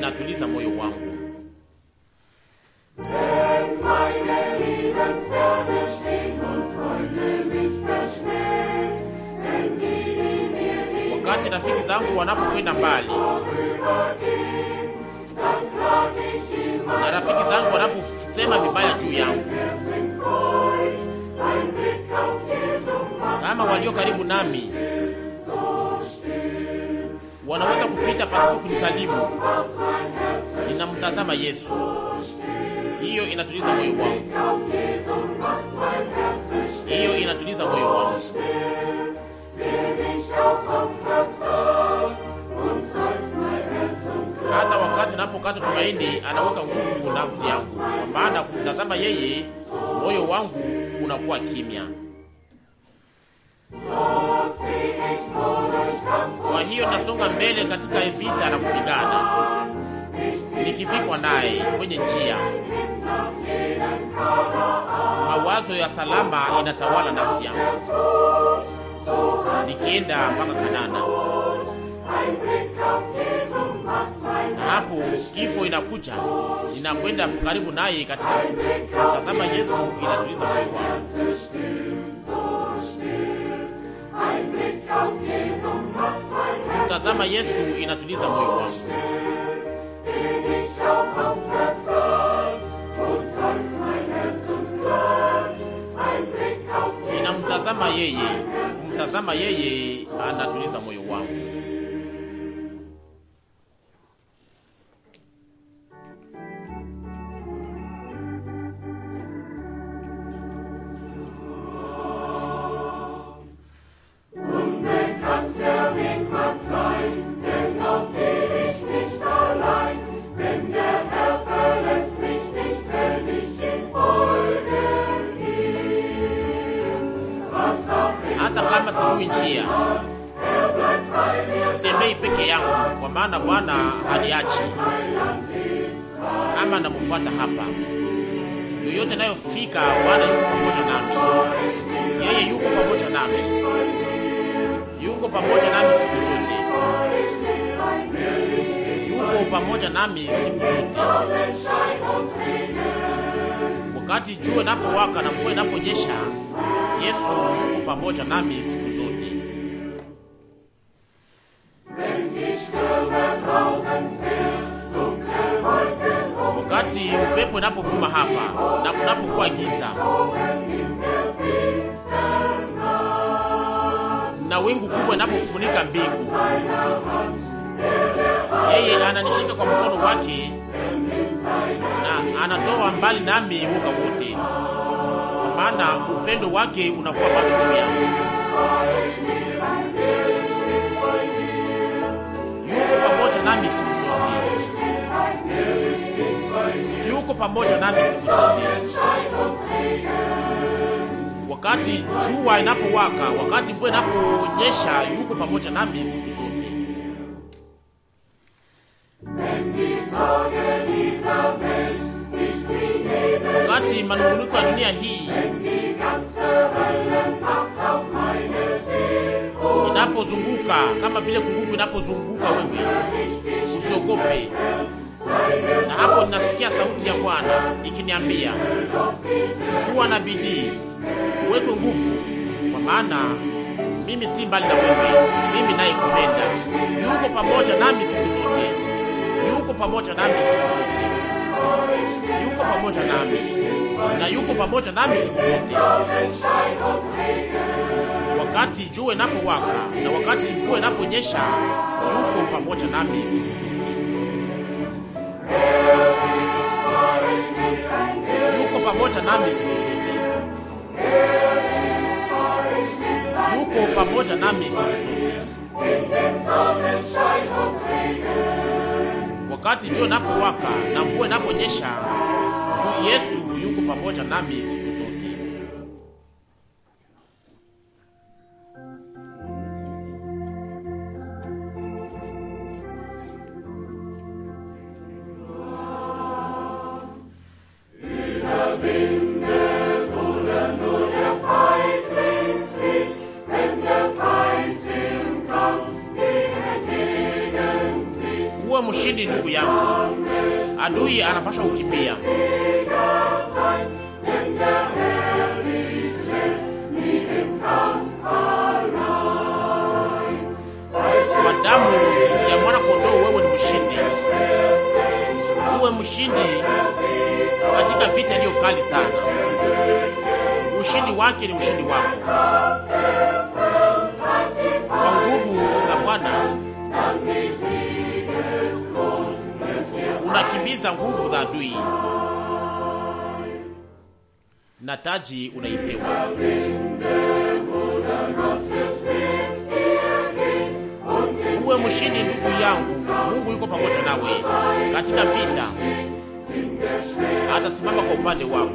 inatuliza moyo wangu. Wakati rafiki zangu wanapokwenda mbali na rafiki zangu wanaposema vibaya juu yangu, kama walio karibu nami wanaweza kupita pasipo kunisalimu. Ninamtazama Yesu, hiyo inatuliza moyo wangu, hiyo inatuliza moyo wangu. Hata wakati napokata tumaini, anaweka nguvu nafsi yangu, kwa maana kumtazama yeye, moyo wangu unakuwa kimya. Kwa hiyo nasonga mbele katika vita na kupigana, nikifikwa naye kwenye njia. Mawazo ya salama inatawala nafsi yangu, nikienda mpaka Kanana, na hapo kifo inakuja, ninakwenda karibu naye katika tazama. Yesu inatuliza moyo wangu kumtazama Yesu inatuliza moyo wangu. Ninamtazama yeye, kumtazama yeye anatuliza moyo wangu. sijui njia, sitembei peke yangu, kwa maana Bwana haniachi kama namfuata hapa. Yoyote nayofika, Bwana yuko pamoja nami, yeye yuko pamoja nami, yuko pamoja nami siku zote, yuko pamoja nami siku zote. Wakati jua napowaka na mvua inaponyesha Yesu yuko pamoja nami siku zote. Wakati upepo inapovuma hapa na kunapokuwa giza na wingu kubwa inapofunika mbingu, yeye ananishika kwa mkono wake na anatoa mbali nami woga wote maana upendo wake unakuwa macho juu yangu. Yuko pamoja nami sikusudia, yuko pamoja nami sikusudia. Wakati jua inapowaka, wakati mvua inaponyesha, yuko pamoja nami sikusudia wakati manunguniko ya dunia hii inapozunguka kama vile kungugu inapozunguka wewe, usiogope. Na hapo ninasikia sauti ya Bwana ikiniambia kuwa na bidii, uwekwe nguvu, kwa maana mimi si mbali na wewe, mimi naye kupenda yuko pamoja nami siku zote, yuko pamoja nami siku zote, yuko pamoja nami na yuko pamoja nami siku zote, wakati jua inapowaka na wakati mvua inaponyesha, yuko pamoja nami siku zote, yuko pamoja nami siku zote, yuko pamoja nami siku zote, wakati jua inapowaka na mvua inaponyesha Yesu yuko pamoja nami siku zote. Uwe mshindi ndugu yangu, adui anapasha kukimbia. mshindi katika vita iliyo kali sana. Ushindi wake ni ushindi wako. Kwa nguvu za Bwana unakimbiza nguvu za adui na taji unaipewa. Uwe mshindi ndugu yangu, Mungu yuko pamoja nawe katika vita atasimama kwa upande wako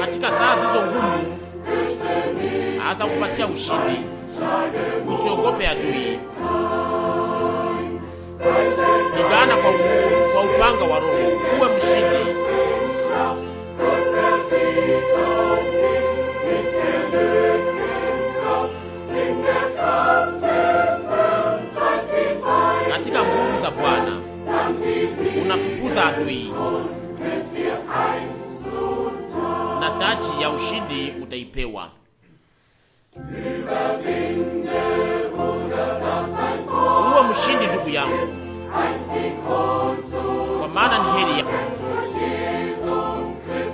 katika saa zizo ngumu, atakupatia ushindi. Usiogope adui, pigana kwa, kwa upanga wa Roho, uwe mshindi ushindi utaipewa. Uwe mshindi ndugu yangu, kwa maana ni heri yako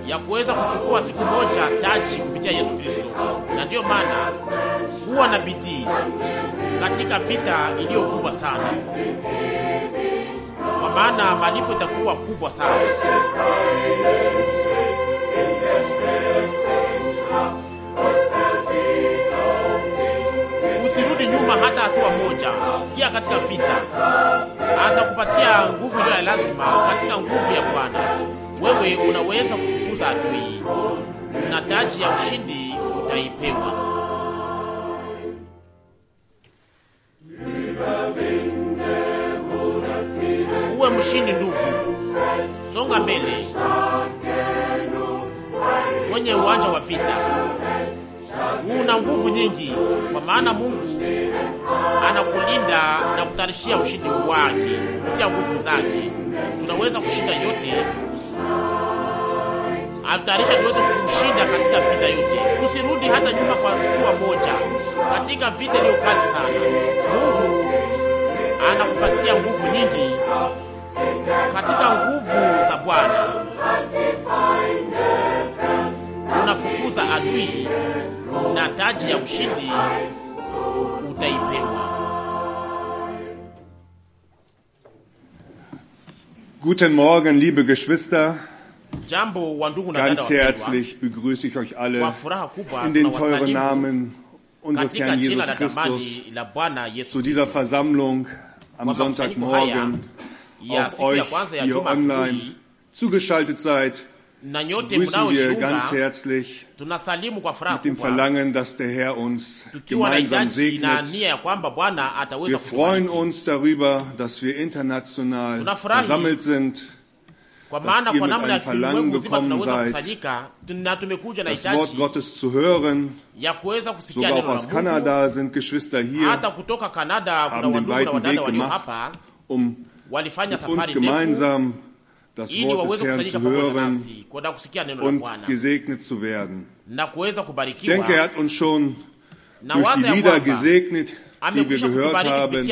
ya kuweza kuchukua siku moja taji kupitia Yesu Kristo. Na ndiyo maana huwa na bidii katika vita iliyo kubwa sana, kwa maana malipo itakuwa kubwa sana. kurudi nyuma hata hatua moja, pia katika vita atakupatia nguvu ya lazima. Katika nguvu ya Bwana wewe unaweza kufukuza adui na taji ya ushindi utaipewa. Uwe mshindi ndugu, songa mbele kwenye uwanja wa vita na nguvu nyingi, kwa maana Mungu anakulinda na kutarishia ushindi wake kupitia nguvu zake. Tunaweza kushinda yote, atutayarisha tuweze kushinda katika vita yote. Usirudi hata nyuma kwa kuwa moja katika vita iliyo kali sana. Mungu anakupatia nguvu nyingi katika nguvu za Bwana unafukuza adui na taji ya ushindi utaipewa. Guten Morgen, liebe Geschwister. Ganz herzlich begrüße ich euch alle in den teuren Namen unseres Herrn Jesus Christus zu dieser Versammlung am Sonntagmorgen, auch euch, die ihr online zugeschaltet seid begrüßen wir ganz herzlich mit dem Verlangen, dass der Herr uns gemeinsam segnet. Wir freuen uns darüber, dass wir international versammelt sind, dass ihr mit einem Verlangen gekommen seid, das Wort Gottes zu hören. Sogar auch aus Kanada sind Geschwister hier, haben den weiten Weg gemacht, um mit uns gemeinsam zu das Wort waweze kufanyika pamoja nasi kwenda kusikia neno la Ich denke, er hat uns schon na durch die Lieder gesegnet, die wir gehört haben.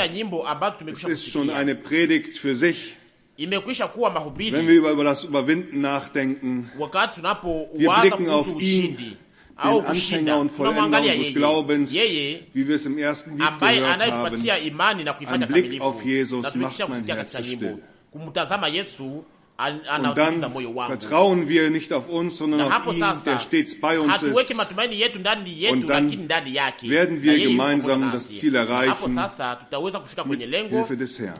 Es ist schon eine Predigt für sich. Wenn wir über, über das Überwinden nachdenken, wir blicken auf ihn, den Anfänger und Vollender unseres Glaubens, wie wir es im ersten Lied gehört haben. Ein Blick auf Jesus macht mein Herz still. Und dann vertrauen wir nicht auf uns, sondern na auf ihn, der stets bei uns ist. Und dann werden wir gemeinsam das Ziel erreichen mit Hilfe des Herrn.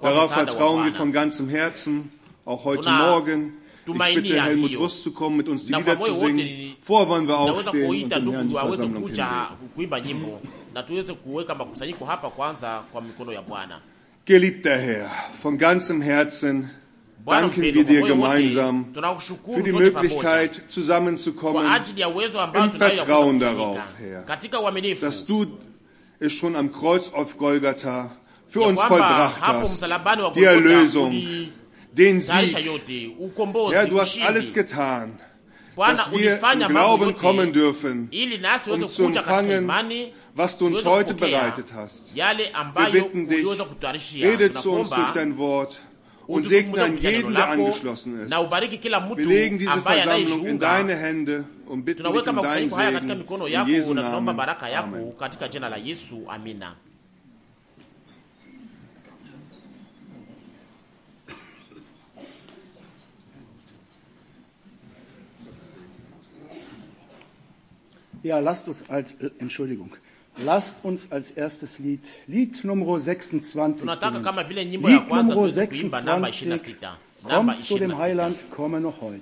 Darauf vertrauen wir von ganzem Herzen, auch heute Morgen. Ich bitte Helmut Rust zu kommen, mit uns die Lieder zu singen. Vorher wollen wir aufstehen und den Herrn die Versammlung hinlegen. Geliebter Herr, von ganzem Herzen danken wir dir gemeinsam für die Möglichkeit, zusammenzukommen im Vertrauen darauf, Herr, dass du es schon am Kreuz auf Golgatha für uns vollbracht hast, die Erlösung, den Sieg. Herr, du hast alles getan, dass wir im Glauben kommen dürfen, um zu empfangen, was du uns heute bereitet hast. Wir bitten dich, rede zu uns durch dein Wort, und segne an jeden, der angeschlossen ist. Wir legen diese Versammlung in deine Hände und bitten dich um deinen Segen. In Jesu Namen. Amen. Ja, lasst uns als, äh, Entschuldigung, Lasst uns als erstes Lied, Lied Nummer 26 singen. Lied Nummer 26, komm zu dem Heiland, komme noch heute.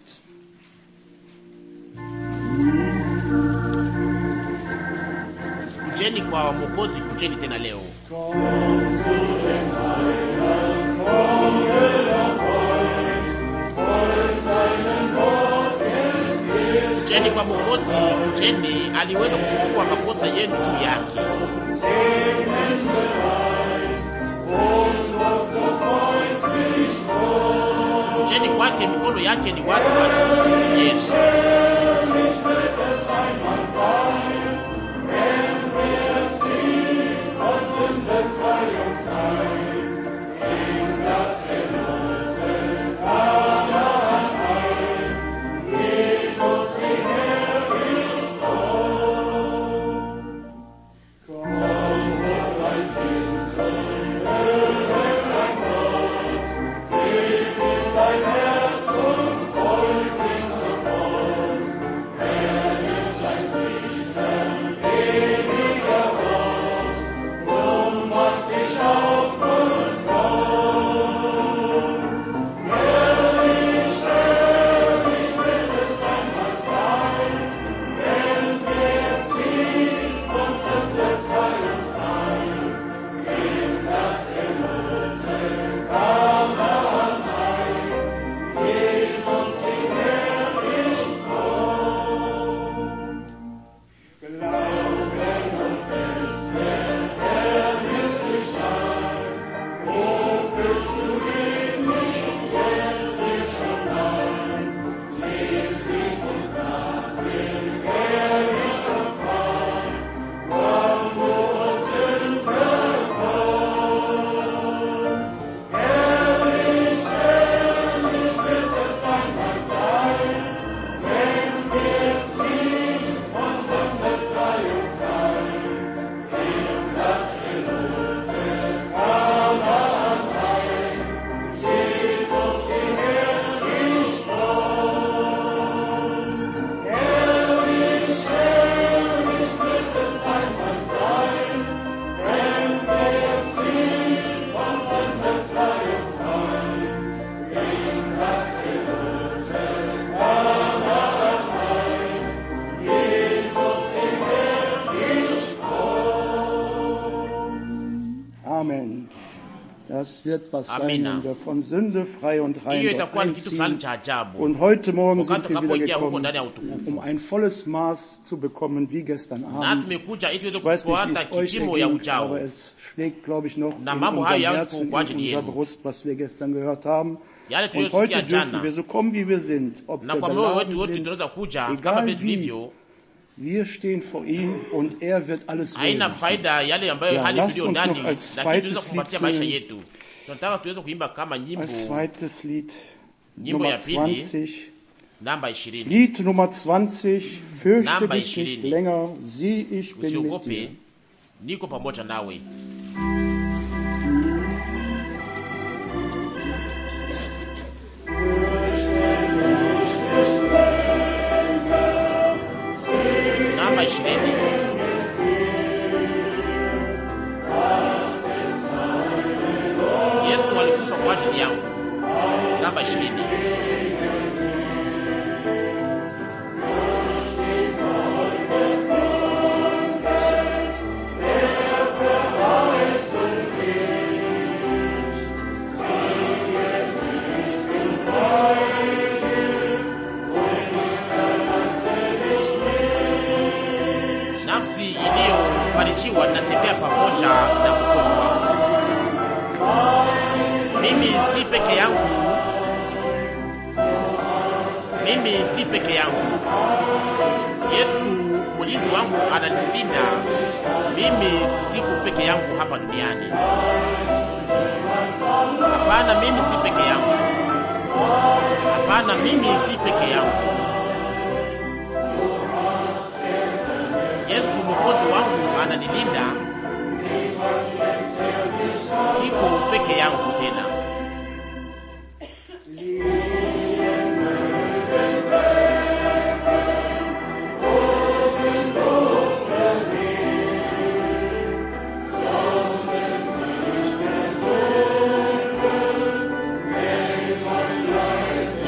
Kujeni kwa Mwokozi, kujeni tena leo. Komm zu yaani kwa Mwokozi mjeni aliweza kuchukua makosa yenu juu yake mjeni kwake, mikono yake ni wazi kwa ajili yenu. wird, was sein wir von Sünde frei und rein einziehen. Und heute Morgen sind wir wieder gekommen, um ein volles Maß zu bekommen, wie gestern Abend. Ich weiß nicht, wie es euch ergeht, aber es schlägt, glaube ich, noch in unserem Herzen, in unserer Brust, was wir gestern gehört haben. Und heute dürfen wir so kommen, wie wir sind, ob wir sind, egal wie, wir stehen vor ihm und er wird alles wählen. Ja, lasst uns noch als zweites Lied singen. tunataka tuweze kuimba kama nyimbo nyimbo ya pili namba ishirini Lied Nummer 20 fürchte dich nicht länger ich bin mit dir niko pamoja nawe namba ishirini alikufa kwa ajili yangu. Namba ishirini. Nafsi iliyofarijiwa inatembea pamoja na Mwokozi wao mimi si peke yangu, mimi si peke yangu. Yesu mulizi wangu ananilinda, mimi siku peke yangu hapa duniani. Hapana, mimi si peke yangu. Hapana, mimi si peke yangu. Yesu mwokozi wangu ananilinda siko peke yangu tena.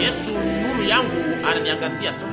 Yesu, nuru yangu ananiangazia siku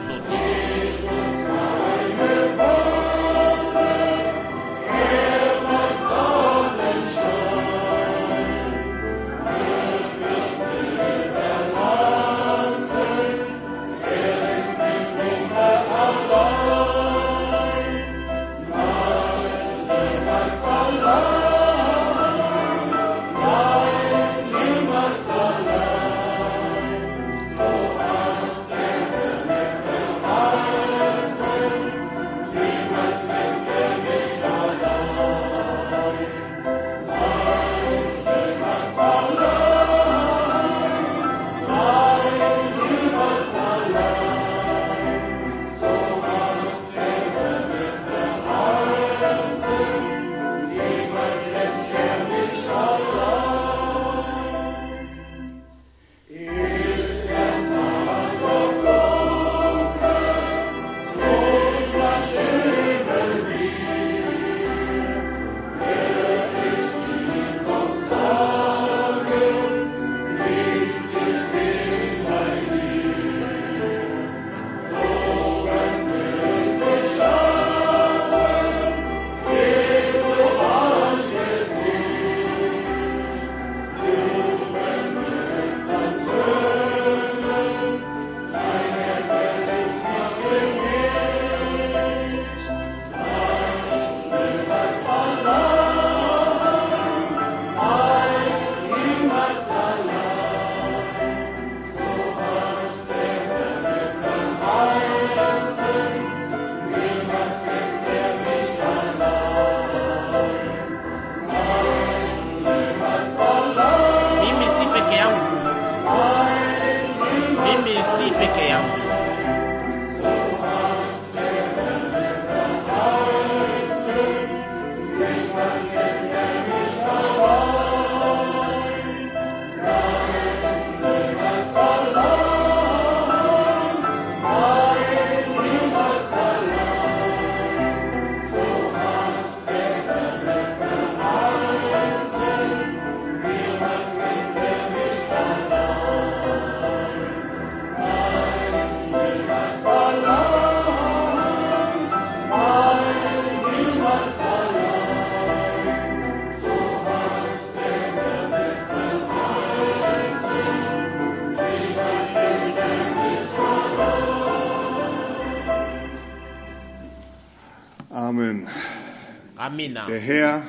Der Herr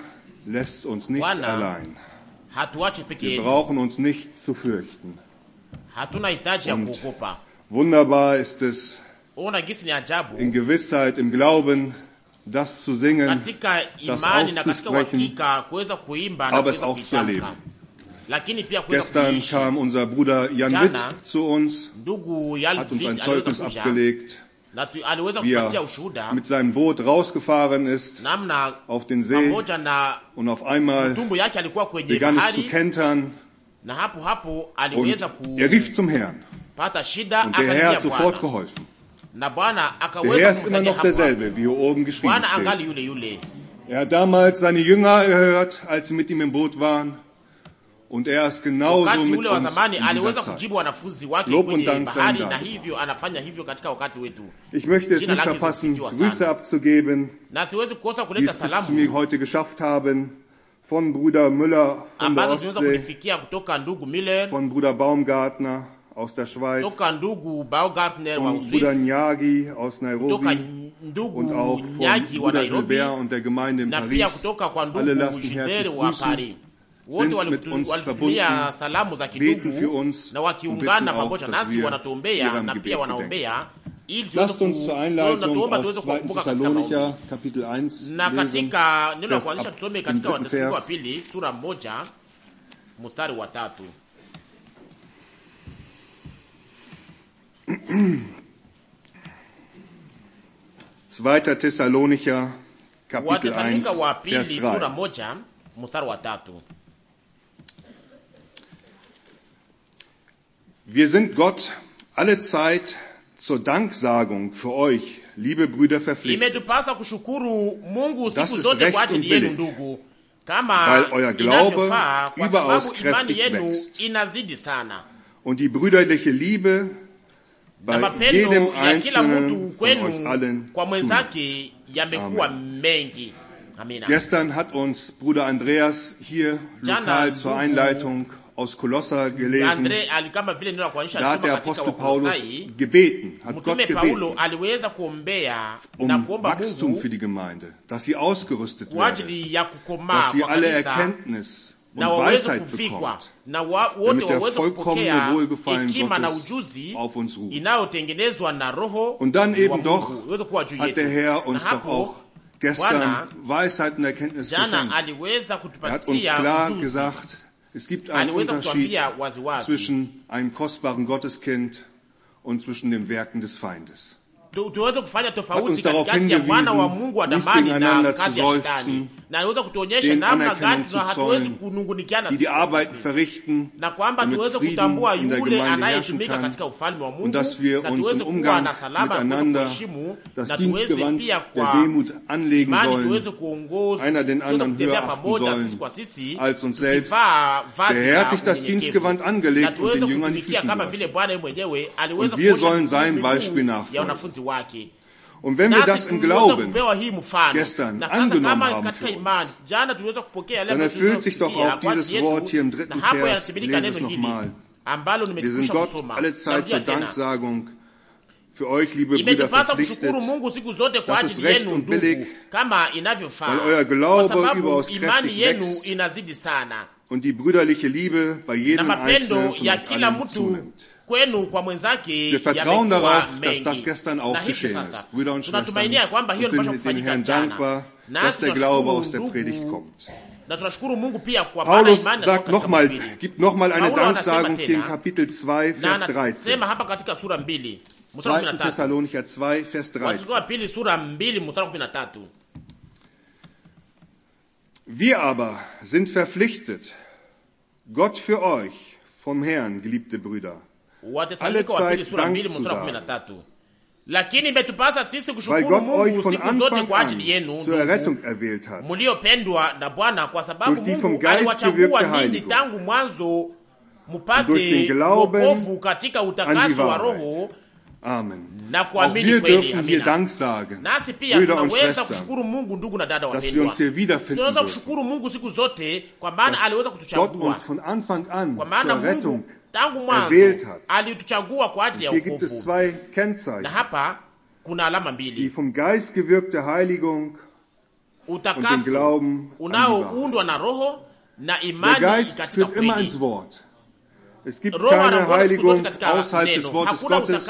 lässt uns nicht Bwana allein. Wir brauchen uns nicht zu fürchten. Und wunderbar ist es, in Gewissheit, im Glauben, das zu singen, das auszusprechen, aber es auch zu erleben. Gestern kam unser Bruder Jan Witt zu uns, hat uns ein Zeugnis abgelegt. Ah, wie er mit seinem Boot rausgefahren ist auf den See und auf einmal begann es zu kentern und er rief zum herrn und der Herr hat sofort geholfen. Der Herr ist immer noch derselbe, wie hier oben geschrieben steht. Er hat damals seine Jünger erhört, als sie mit ihm im Boot waren. Und er ist genauso wakati ule wa zamani aliweza kujibu wanafunzi wake Lob kwenye bahari na hivyo anafanya hivyo katika wakati wetu. Ich möchte es nicht verpassen, Grüße abzugeben, na siwezi kukosa kuleta salamu die es heute geschafft haben von Bruder Müller von der Ostsee, kutoka ndugu Miller, von Bruder Baumgartner aus der Schweiz, kutoka ndugu Baumgartner von wa Uswis, Bruder Nyagi aus Nairobi, kutoka ndugu und auch von Nyagi Bruder wa Nairobi, und der Gemeinde in na Pia kutoka kwa ndugu Alle lassen herzlich Wa Paris. wote walitumia salamu za kidugu na wakiungana pamoja nasi, wanatuombea na pia wanaombea ili tunatuomba tuweze kukumbuka katika na katika neno la kuanzisha, tusome katika Wathesalonike wa pili sura moja mstari wa tatu. Zweiter Thessalonicher Kapitel 1 Vers 3. Wir sind Gott alle Zeit zur Danksagung für euch, liebe Brüder, verpflichtet. Das ist Recht und Willen, weil euer Glaube überaus kräftig wächst. Und die brüderliche Liebe bei jedem Einzelnen von euch allen Amen. Gestern hat uns Bruder Andreas hier lokal zur Einleitung aus Kolosser gelesen. Da hat der Apostel Paulus gebeten, hat Gott gebeten um Wachstum für die Gemeinde, dass sie ausgerüstet werden, dass sie alle Erkenntnis und Weisheit bekommt, damit der vollkommene Wohlgefallen Gottes auf uns ruht. Und dann eben doch hat der Herr uns doch auch gestern Weisheit und Erkenntnis geschenkt. Er hat uns klar gesagt, Es gibt einen Unterschied zwischen einem kostbaren Gotteskind und zwischen den Werken des Feindes tuweze kufanya tofauti katikati ya mwana wa Mungu wa damani na kazi ya shetani, na anaweza kutuonyesha namna gani tuna hatuwezi kunungunikiana na kwamba tuweze kutambua yule anayetumika katika ufalme wa Mungu, na tuweze kuwa na salama na kuheshimu, na tuweze pia kwa imani tuweze kuongoza kutembea pamoja sisi kwa sisi, tukivaa vazi na tuweze kutumikia kama vile Bwana mwenyewe aliweza kuonyesha ya wanafunzi wake. Und wenn wir das im Glauben gestern angenommen haben für uns, dann erfüllt sich doch auch dieses Wort hier im dritten Vers, ich lese es nochmal. Wir sind Gott alle Zeit zur Danksagung für euch, liebe Brüder, verpflichtet. Das ist recht und billig, weil euer Glaube überaus kräftig wächst und die brüderliche Liebe bei jedem Einzelnen von uns zunimmt kwenu kwa mwenzake yamekuwa mengi, na hivi sasa tunatumainia kwamba hiyo inapaswa kufanyika jana, nasi tunashukuru na tunashukuru Mungu pia kwa maana imani sagt nochmal, gibt nochmal eine Danksagung hier in Kapitel 2 Vers 13. Sema 2 Thessalonicher 2 Vers 13. Wir aber sind verpflichtet Gott für euch vom Herrn, geliebte Brüder, Wathesalonike wa pili sura mbili mstari wa kumi na tatu. Lakini imetupasa sisi kushukuru Mungu siku zote kwa ajili yenu muliopendwa na Bwana, kwa sababu Mungu aliwachagua ninyi tangu mwanzo mupate wokovu katika utakaso wa Roho Amen. Na kuamini kweli. Amina. Nasi pia tunaweza kushukuru Mungu, ndugu na dada wapendwa, tunaweza kushukuru Mungu siku zote, kwa maana aliweza kutuchagua, kwa maana Mungu tangu mwanzo alituchagua kwa ajili ya wokovu. Na hapa kuna alama mbili: utakaso unaoundwa na Roho na imani katika kweli. Es gibt Roma keine Heiligung außerhalb des Wortes Hakuna Gottes.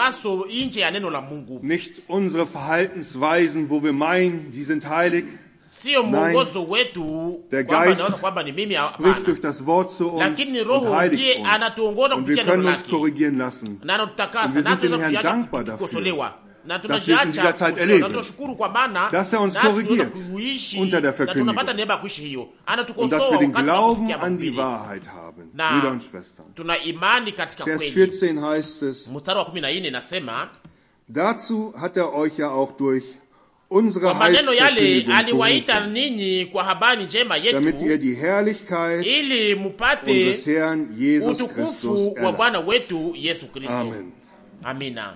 Nicht unsere Verhaltensweisen, wo wir meinen, die sind heilig. Sio mwongozo wetu naona kwamba ni mimi durch das Wort zu uns lakini Roho ndiye anatuongoza kupitia neno lake na anatutakasa na tunaweza kukosolewa na tunaacha tunashukuru kwa maana dass er uns korrigiert unter der Verkündigung und dass wir den Glauben an die Wahrheit haben, Brüder und Schwestern. Vers 14 heißt es, Dazu hat er euch ja auch durch Kwa maneno yale aliwaita ninyi kwa habari njema yetu, ili mupate utukufu wa Bwana wetu Yesu Kristo. Amina.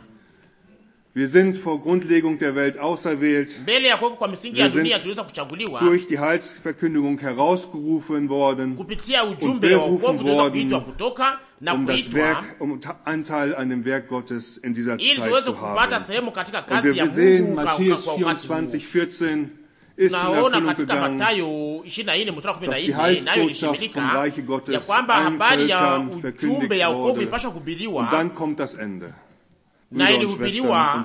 Wir sind vor Grundlegung der Welt auserwählt. Mbele ya Durch die Heilsverkündigung herausgerufen worden. Kupitia ujumbe wa um kuitwa Werk, um Anteil an dem Werk Gottes in dieser Zeit zu haben. Und wir sehen Matthäus 24, 14 ist katika matayo ishirini die nne mstari kumi na nne nayo ilishimilika ya kwamba habari ya ujumbe ya naye ilihubiriwa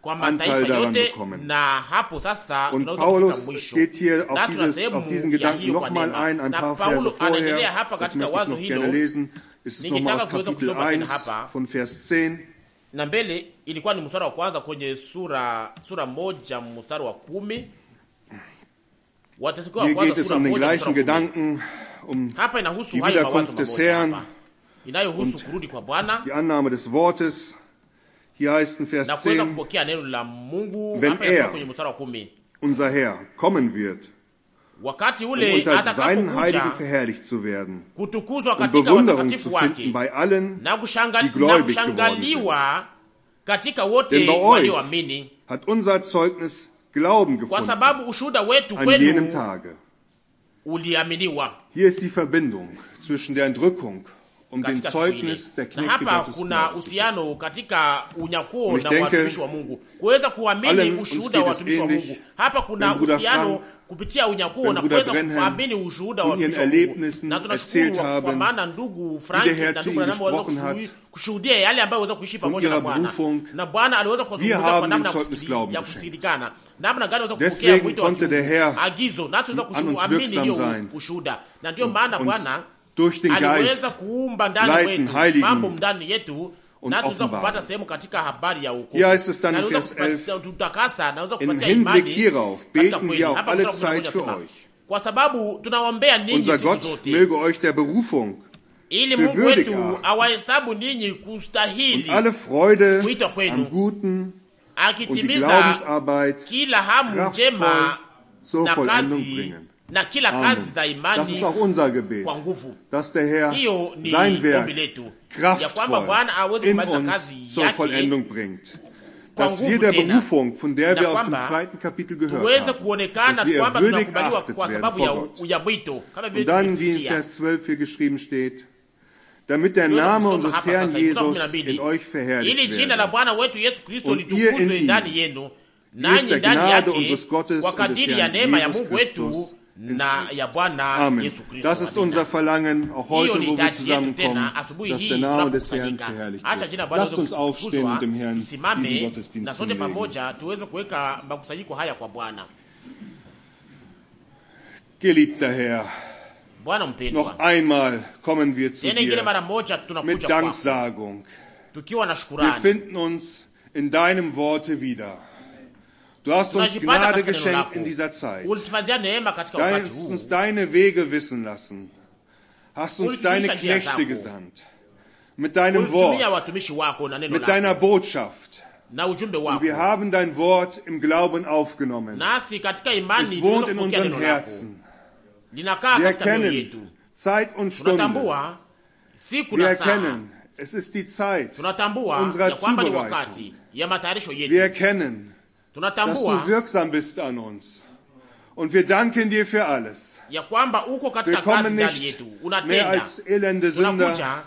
kwa mataifa yote, na hapo sasa tunaweza mwisho na tuna sehemu ya hiyo kwa neema. Na Paulo anaendelea hapa katika wazo hilo, nikitaka kuweza kusoma tena hapa na mbele, ilikuwa ni mstari wa kwanza kwenye sura sura moja mstari wa kumi Wathesalonike wa kwanza sura um moja mstari wa kumi. Um hapa inahusu hayo mawazo mamoja hapa inayohusu kurudi kwa Bwana Hier heißt in Vers 10, wenn er, unser Herr, kommen wird, um unter seinen Heiligen verherrlicht zu werden und Bewunderung zu finden bei allen, die gläubig geworden sind. Denn bei euch hat unser Zeugnis Glauben gefunden an jenem Tage. Hier ist die Verbindung zwischen der Entrückung um den Zeugnis der na hapa kuna uhusiano katika unyakuo na watumishi wa Mungu, kuweza kuamini ushuhuda wa watumishi wa Mungu. Hapa kuna uhusiano kupitia unyakuo na kuweza kuamini ushuhuda wa watumishi wa Mungu, na tunashukuru kwa maana ndugu Frank na ndugu Branham waweza kushuhudia yale ambayo waweza kuishi pamoja na Bwana, na Bwana aliweza kuwazungumza kwa namna ya kusindikana namna gani waweza kupokea mwito wa agizo, na tunaweza kuamini hiyo ushuhuda, na ndio maana Bwana durch den Geist leiten, heiligen und offenbaren. Hier heißt es dann in Vers 11, im Hinblick hierauf beten wir auch alle Zeit für euch. Unser Gott möge euch der Berufung ili Mungu wetu awahesabu ninyi kustahili kuitwa kwenu, akitimiza kila hamu njema na kila kazi za imani kwa nguvu. Hiyo ni ombi letu ya kwamba Bwana aweze kumaliza kazi yake tuweze kuonekana kwamba tunakubaliwa kwa sababu ya mwito kama vile damit der Name unseres Herrn Jesus in euch verherrlicht werde. Ili jina la Bwana wetu Yesu Kristo litukuzwe ndani yenu, nanyi ndani yake, kwa kadiri ya neema ya Mungu wetu na ya Bwana Yesu Kristo. Hiyo ni idadi yetu tena asubuhi hii tunapokusanyika. Acha jina Bwana kuzwa, tusimame na sote pamoja tuweze kuweka makusanyiko haya kwa Bwana. Geliebter Herr, Bwana mpendwa, noch einmal kommen wir zu dir mit Danksagung. Tukiwa na shukrani. Wir finden uns in deinem Worte wieder. Du hast uns Gnade geschenkt in dieser Zeit. Du hast uns deine Wege wissen lassen. Hast uns deine Knechte gesandt. Mit deinem Wort. Mit deiner Botschaft. Und wir haben dein Wort im Glauben aufgenommen. Es wohnt in unseren Herzen. Wir erkennen Zeit und Stunde. Wir erkennen, es ist die Zeit unserer Zubereitung. Wir erkennen, Tunatambua dass du wirksam bist an uns und wir danken dir für alles. Ya kwamba uko katika kazi ndani yetu, unatenda. Mehr als elende Sünder.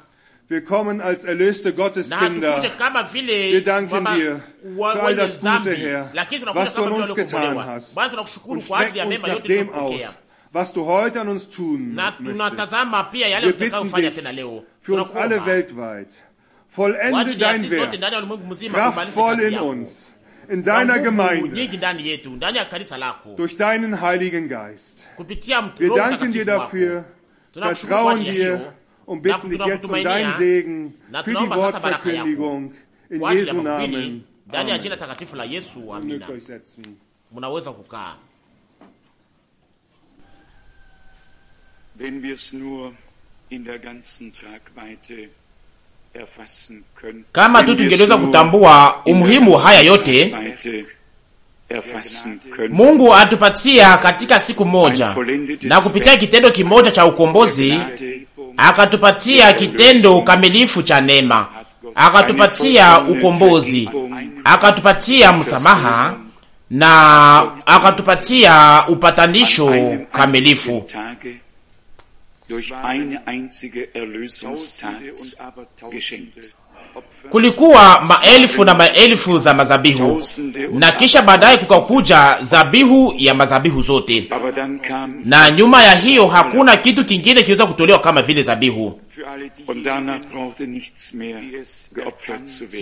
Wir kommen als erlöste Gotteskinder. Wir danken dir für all das Gute, Herr, was du an uns getan hast. Und streck uns nach dem aus, was du heute an uns tun möchtest. Wir bitten dich für uns alle weltweit. Vollende dein Werk, kraftvoll in uns in deiner Gemeinde durch deinen Heiligen Geist. Wir danken dir dafür, vertrauen dir und bitten dich jetzt um deinen Segen für die Wortverkündigung in Jesu Namen. Amen. Euch setzen. Wenn wir es nur in der ganzen Tragweite Kama tu tungeliweza kutambua umuhimu wa haya yote Mungu atupatia katika siku moja na kupitia kitendo kimoja cha ukombozi akatupatia kitendo kamilifu cha neema, akatupatia ukombozi, akatupatia msamaha na akatupatia upatanisho kamilifu durch eine einzige Erlösungstat geschenkt. Kulikuwa maelfu na maelfu za mazabihu na kisha baadaye kukakuja zabihu ya mazabihu zote, na nyuma ya hiyo hakuna kitu kingine kiliweza kutolewa kama vile zabihu.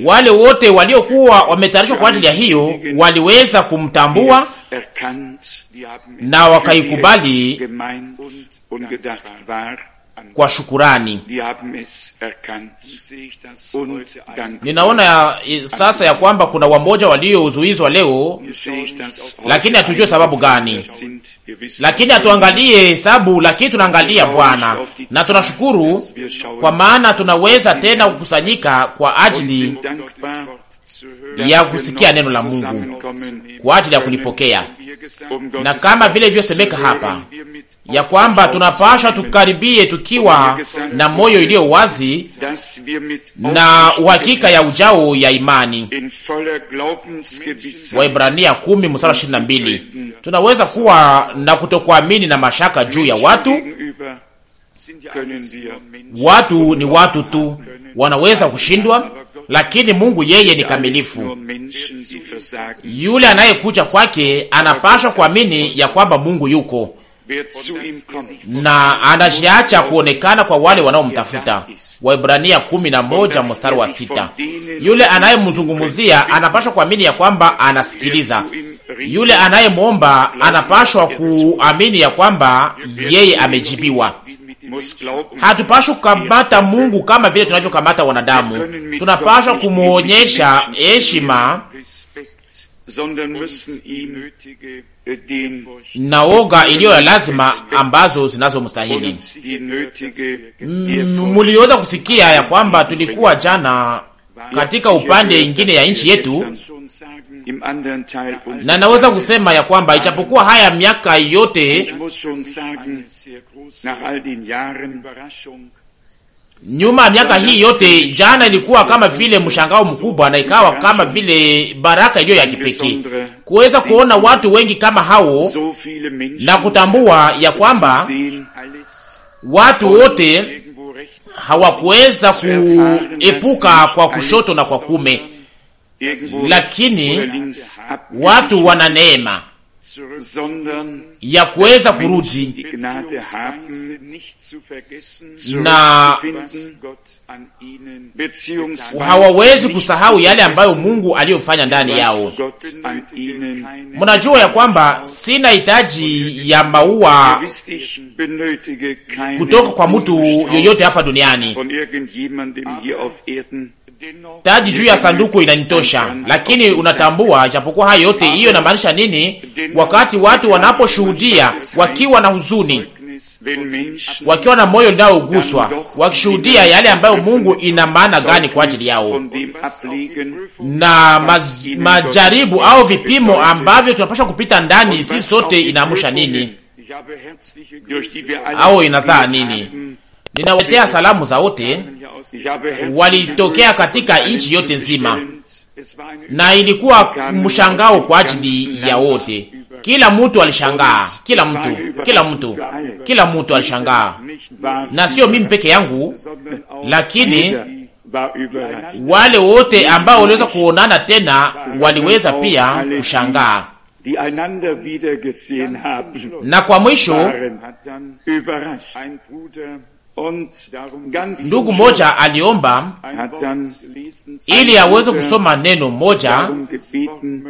Wale wote waliokuwa wametayarishwa kwa ajili ya hiyo waliweza kumtambua na wakaikubali kwa shukurani. Ninaona ya, sasa ya kwamba kuna wamoja waliouzuizwa leo, lakini hatujue sababu gani, lakini hatuangalie hesabu, lakini tunaangalia Bwana na tunashukuru kwa maana tunaweza tena kukusanyika kwa ajili ya kusikia neno la Mungu, kwa ajili ya kulipokea na kama vile ilivyosemeka hapa ya kwamba tunapasha tukaribie tukiwa na moyo iliyo wazi na uhakika ya ujao ya imani, Waibrania 10 Tunaweza kuwa na kutokuamini na mashaka juu ya watu. Watu ni watu tu, wanaweza kushindwa lakini Mungu yeye ni kamilifu. Yule anayekuja kwake anapashwa kuamini ya kwamba Mungu yuko na anajiacha kuonekana kwa wale er wanaomtafuta. Waibrania kumi na moja mstari er wa sita. Yule anayemzungumzia anapashwa kuamini ya kwamba er anasikiliza. Yule anayemwomba anapashwa kuamini ya kwamba yeye amejibiwa. Hatupashwi kukamata Mungu kama vile tunavyokamata wanadamu, tunapashwa kumwonyesha heshima na oga iliyo ya lazima ambazo zinazomstahili. Muliweza kusikia ya kwamba tulikuwa jana katika upande ingine ya nchi yetu na naweza kusema ya kwamba ichapokuwa haya miaka yote nyuma ya miaka hii yote, jana ilikuwa kama vile mshangao mkubwa, na ikawa kama vile baraka iliyo ya kipekee kuweza kuona watu wengi kama hao na kutambua ya kwamba watu wote hawakuweza kuepuka kwa kushoto na kwa kume lakini watu wana neema ya kuweza kurudi na hawawezi kusahau yale ambayo Mungu aliyofanya ndani yao. Mnajua ya kwamba sina hitaji ya maua kutoka kwa mtu yoyote hapa duniani taji juu ya sanduku inanitosha. Lakini unatambua, japokuwa hayo yote, hiyo inamaanisha nini? Wakati watu wanaposhuhudia wakiwa na huzuni, wakiwa na moyo unaoguswa, wakishuhudia yale ambayo Mungu ina maana gani kwa ajili yao, na majaribu au vipimo ambavyo tunapaswa kupita ndani, si sote inaamsha nini au inazaa nini? Ninawaletea salamu za wote walitokea katika nchi yote nzima, na ilikuwa mshangao kwa ajili ya wote. Kila mtu alishangaa, kila mtu, kila mtu, kila mtu alishangaa, na sio mimi peke yangu, lakini wale wote ambao waliweza kuonana tena waliweza pia kushangaa na kwa mwisho Ndugu moja aliomba ili aweze kusoma neno moja,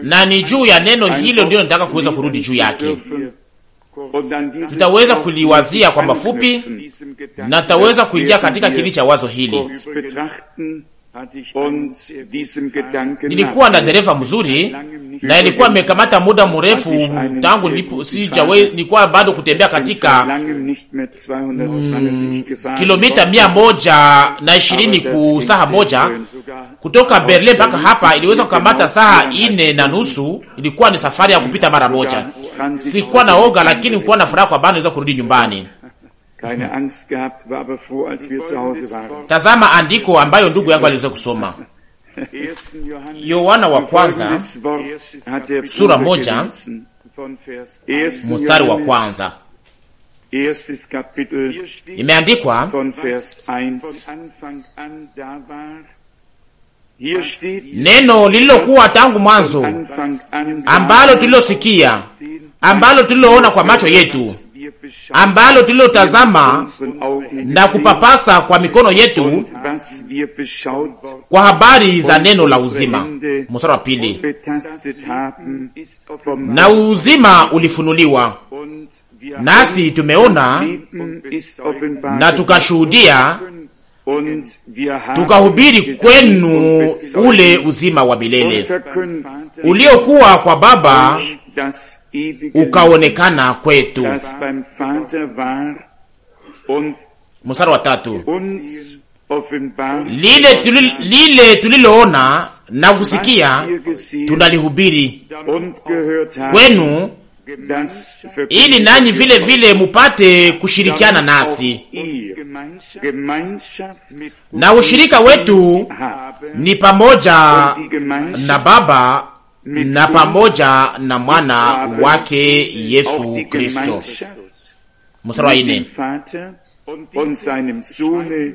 na ni juu ya neno hilo ndiyo nataka kuweza kurudi juu yake. Tutaweza kuliwazia kwa mafupi na tutaweza kuingia katika kili cha wazo hili Nilikuwa na dereva mzuri na ilikuwa imekamata muda mrefu tangu nilipo sijawe, nilikuwa bado kutembea katika mm, kilomita mia moja na ishirini ku saha moja kutoka Berlin mpaka hapa, iliweza kukamata saha ine na nusu. Ilikuwa ni safari ya kupita mara moja. Sikuwa na oga, lakini kuwa na furaha kwa bado weza kurudi nyumbani keine Angst gehabt, war aber froh, als wir zu Hause waren. Tazama andiko ambayo ndugu yangu aliweza kusoma Yohana wa kwanza sura moja mstari wa kwanza imeandikwa neno lililokuwa tangu mwanzo, ambalo tulilosikia, ambalo tuliloona kwa macho yetu ambalo tulilotazama na kupapasa kwa mikono yetu kwa habari za neno la uzima. Mstari wa pili, na uzima ulifunuliwa nasi tumeona na tukashuhudia tukahubiri kwenu ule uzima wa milele uliokuwa kwa Baba ukaonekana kwetu. Mstari wa tatu, lile lile tuliloona na kusikia tunalihubiri kwenu ili nanyi vile vile mupate kushirikiana nasi, na ushirika wetu ni pamoja na Baba na pamoja na mwana wake Yesu Kristo. Mstari wa nne.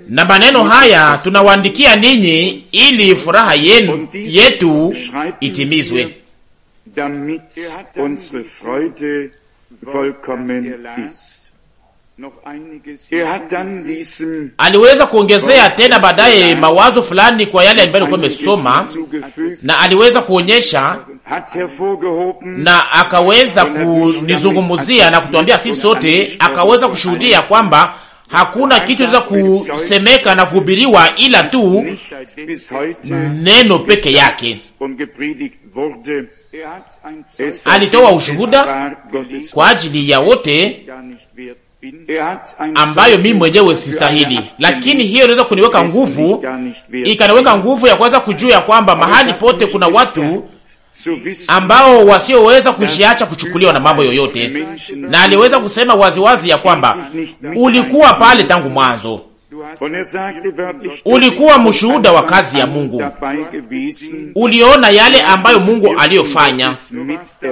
Na maneno haya tunawaandikia ninyi ili furaha yenu, yetu itimizwe. Er er ist. Er aliweza kuongezea tena baadaye mawazo fulani kwa yale ambayo alikuwa amesoma, na aliweza kuonyesha na akaweza er kunizungumuzia na kutuambia sisi sote, akaweza kushuhudia kwamba hakuna kitu za kusemeka na kuhubiriwa ila tu neno peke yake. Er Alitoa ushuhuda kwa ajili ya wote ambayo mimi mwenyewe sistahili, lakini hiyo inaweza kuniweka nguvu, ikaniweka nguvu ya kuweza kujua ya kwamba mahali pote kuna watu ambao wasioweza kujiacha kuchukuliwa na mambo yoyote, na aliweza kusema waziwazi ya kwamba ulikuwa pale tangu mwanzo, ulikuwa mshuhuda wa kazi ya Mungu, uliona yale ambayo Mungu aliyofanya,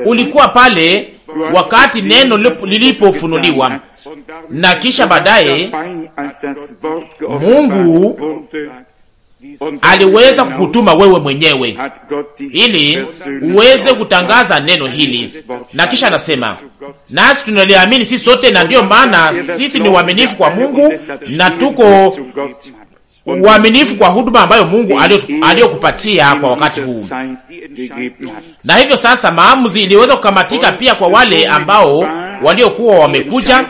ulikuwa pale wakati neno lilipofunuliwa, na kisha baadaye Mungu aliweza kukutuma wewe mwenyewe ili uweze kutangaza neno hili, na kisha anasema nasi tunaliamini sisi sote, na ndiyo maana sisi ni uaminifu kwa Mungu na tuko uaminifu kwa huduma ambayo Mungu aliyokupatia kwa wakati huu. Na hivyo sasa maamuzi iliweza kukamatika pia kwa wale ambao waliokuwa wamekuja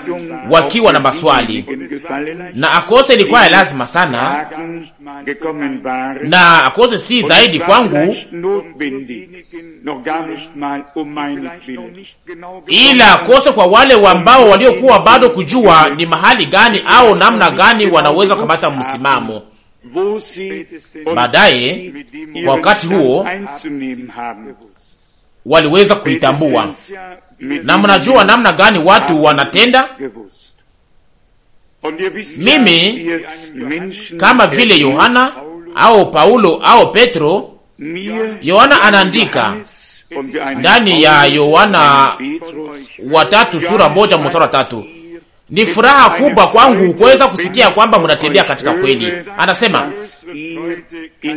wakiwa na maswali na akose ilikuwa ya lazima sana, na akose si zaidi kwangu, ila akose kwa wale ambao waliokuwa bado kujua ni mahali gani au namna gani wanaweza kukamata msimamo baadaye. Kwa wakati huo waliweza kuitambua na mnajua namna gani watu wanatenda. Mimi kama vile Yohana au Paulo au Petro, Yohana anaandika ndani ya Yohana watatu sura moja mstari wa tatu ni furaha kubwa kwangu kuweza kusikia kwamba mnatembea katika kweli. Anasema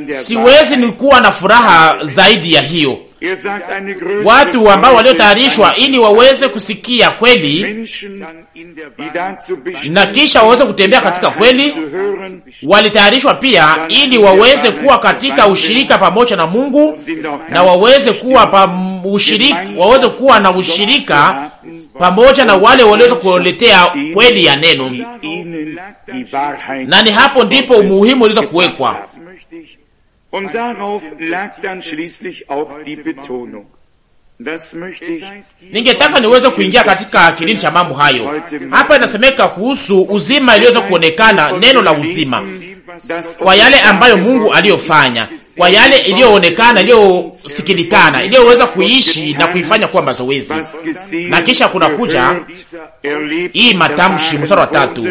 siwezi nikuwa na furaha zaidi ya hiyo watu ambao waliotayarishwa ili waweze kusikia kweli na kisha waweze kutembea katika kweli. Walitayarishwa pia ili waweze kuwa katika ushirika pamoja na Mungu na waweze kuwa pa ushirika, waweze kuwa na ushirika pamoja na wale walioweza kuletea kweli ya neno, na ni hapo ndipo umuhimu uliweza kuwekwa Und darauf lag dann schließlich auch die Betonung. Das möchte ich. Ningetaka niweze kuingia katika kilindi cha mambo hayo. Hapa inasemeka kuhusu uzima iliyoweza kuonekana, neno la uzima, kwa yale ambayo Mungu aliyofanya, kwa yale iliyoonekana, iliyosikilikana, iliyoweza kuishi na kuifanya kuwa mazoezi. Na kisha kuna kuja hii matamshi, mstari wa tatu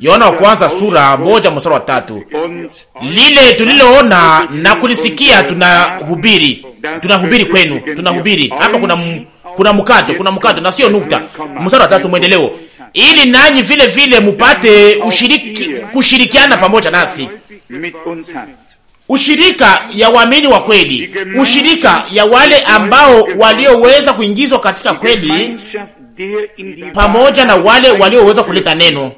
Yohana wa kwanza sura moja mstari wa tatu. Lile tuliloona na kulisikia tunahubiri, tunahubiri kwenu, tunahubiri hapa. Kuna kuna mkato, kuna mkato na sio nukta. Mstari wa tatu, mwendeleo, ili nanyi vile vile mupate ushiriki, kushirikiana pamoja nasi ushirika ya waamini wa kweli, ushirika ya wale ambao walioweza kuingizwa katika kweli pamoja na wale walioweza kuleta neno.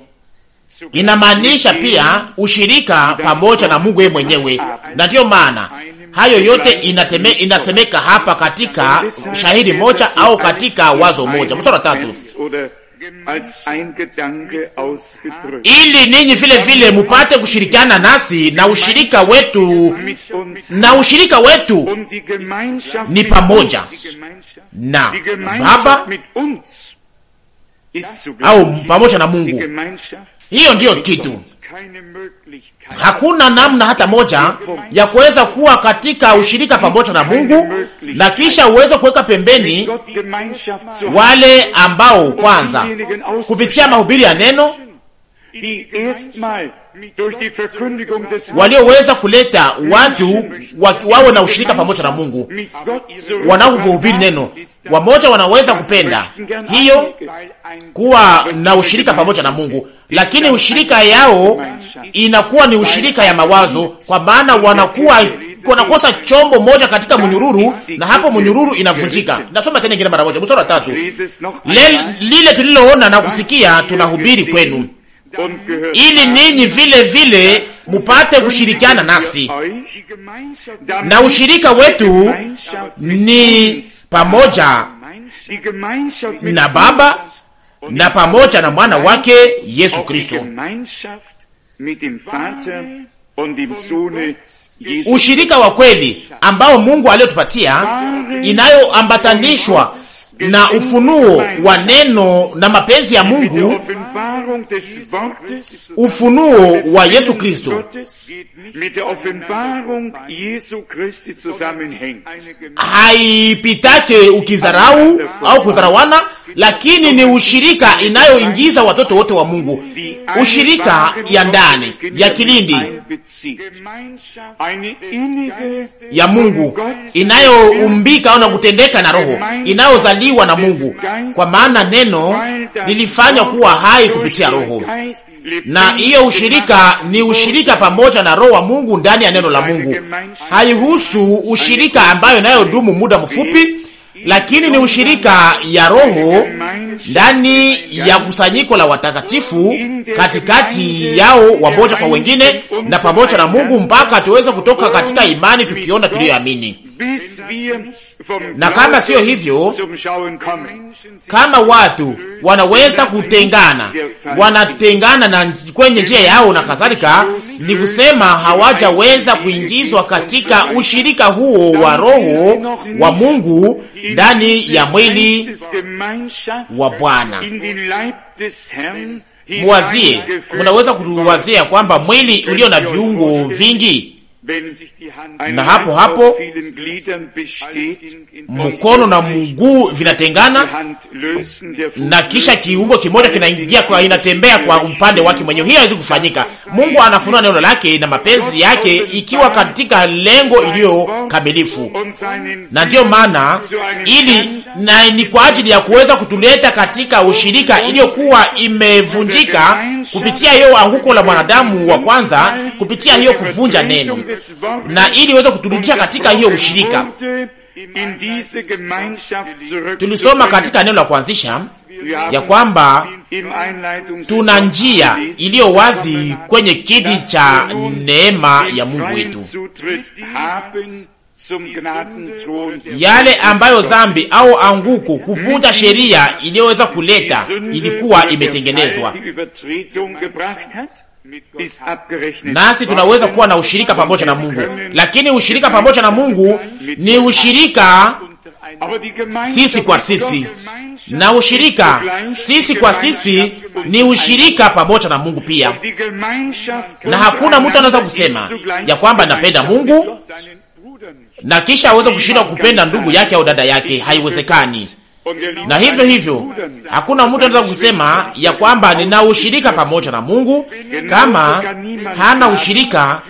Inamaanisha pia ushirika pamoja na Mungu yeye mwenyewe, na ndiyo maana hayo yote inateme, inasemeka hapa katika shahidi moja au katika wazo moja. Mstari tatu ili ninyi vile vile mupate kushirikiana nasi na ushirika wetu, na ushirika wetu ni pamoja na Baba au pamoja na Mungu. Hiyo ndiyo kitu, hakuna namna hata moja ya kuweza kuwa katika ushirika pamoja na Mungu na kisha uweze kuweka pembeni wale ambao kwanza kupitia mahubiri ya neno walioweza kuleta watu wawe na ushirika pamoja na Mungu, wanaohubiri neno. Wamoja wanaweza kupenda hiyo kuwa na ushirika pamoja na Mungu, lakini ushirika yao inakuwa ni ushirika ya mawazo, kwa maana wanakuwa wanakosa chombo moja katika mnyururu, na hapo mnyururu inavunjika. Nasoma tena ingine mara moja, mstari wa tatu, lile tuliloona na kusikia tunahubiri kwenu ili ninyi vile vile mupate kushirikiana nasi, na ushirika wetu ni pamoja na Baba na pamoja na mwana wake Yesu Kristo, ushirika wa kweli ambao Mungu aliyotupatia inayoambatanishwa na ufunuo wa neno na mapenzi ya Mungu, ufunuo wa Yesu Kristo haipitake ukizarau au kudharawana, lakini ni ushirika inayoingiza watoto wote wa Mungu, ushirika ya ndani ya kilindi ya Mungu inayoumbika au na kutendeka na Roho inayozali kuzaliwa na Mungu, kwa maana neno lilifanywa kuwa hai kupitia Roho, na hiyo ushirika ni ushirika pamoja na Roho wa Mungu ndani ya neno la Mungu. Haihusu ushirika ambayo inayodumu muda mfupi, lakini ni ushirika ya Roho ndani ya kusanyiko la watakatifu, katikati yao wamoja kwa wengine na pamoja na Mungu, mpaka tuweze kutoka katika imani tukiona tuliyoamini. Na kama siyo hivyo, kama watu wanaweza kutengana, wanatengana na kwenye njia yao na kadhalika, ni kusema hawajaweza kuingizwa katika ushirika huo wa Roho wa Mungu ndani ya mwili wa Bwana. Muwazie, munaweza kuwazia kwamba mwili ulio na viungo vingi na hapo hapo mkono na mguu vinatengana, na kisha kiungo kimoja kinaingia kwa, inatembea kwa upande wake mwenyewe. Hiyo haiwezi kufanyika. Mungu anafunua neno lake na mapenzi yake ikiwa katika lengo iliyo kamilifu, na ndiyo maana ili na ni kwa ajili ya kuweza kutuleta katika ushirika iliyokuwa imevunjika kupitia hiyo anguko la mwanadamu wa kwanza, kupitia hiyo kuvunja neno na ili iweze kuturudisha katika hiyo ushirika. Tulisoma katika neno la kuanzisha ya kwamba tuna njia iliyo wazi kwenye kiti cha neema ya Mungu wetu. Yale ambayo zambi au anguko kuvunja sheria iliyoweza kuleta ilikuwa imetengenezwa nasi tunaweza kuwa na ushirika pamoja na Mungu, lakini ushirika pamoja na Mungu ni ushirika sisi kwa sisi, na ushirika sisi kwa sisi ni ushirika pamoja na Mungu pia. Na hakuna mtu anaweza kusema ya kwamba napenda Mungu na kisha aweze kushindwa kupenda ndugu yake au dada yake, haiwezekani. Na hivyo hivyo hakuna mtu anaweza kusema ya kwamba nina ushirika pamoja na Mungu kama hana ushirika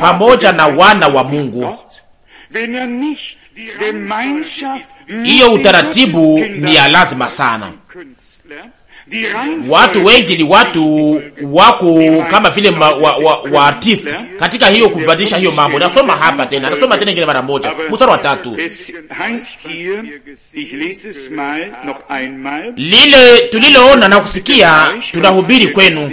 pamoja na wana wa Mungu. Hiyo utaratibu ni ya lazima sana. Watu wengi ni watu wako kama vile wa, wa, wa artist katika hiyo kubadilisha hiyo mambo. Nasoma hapa tena, nasoma tena ingine mara moja, mstari wa tatu, lile tuliloona na kusikia tunahubiri kwenu,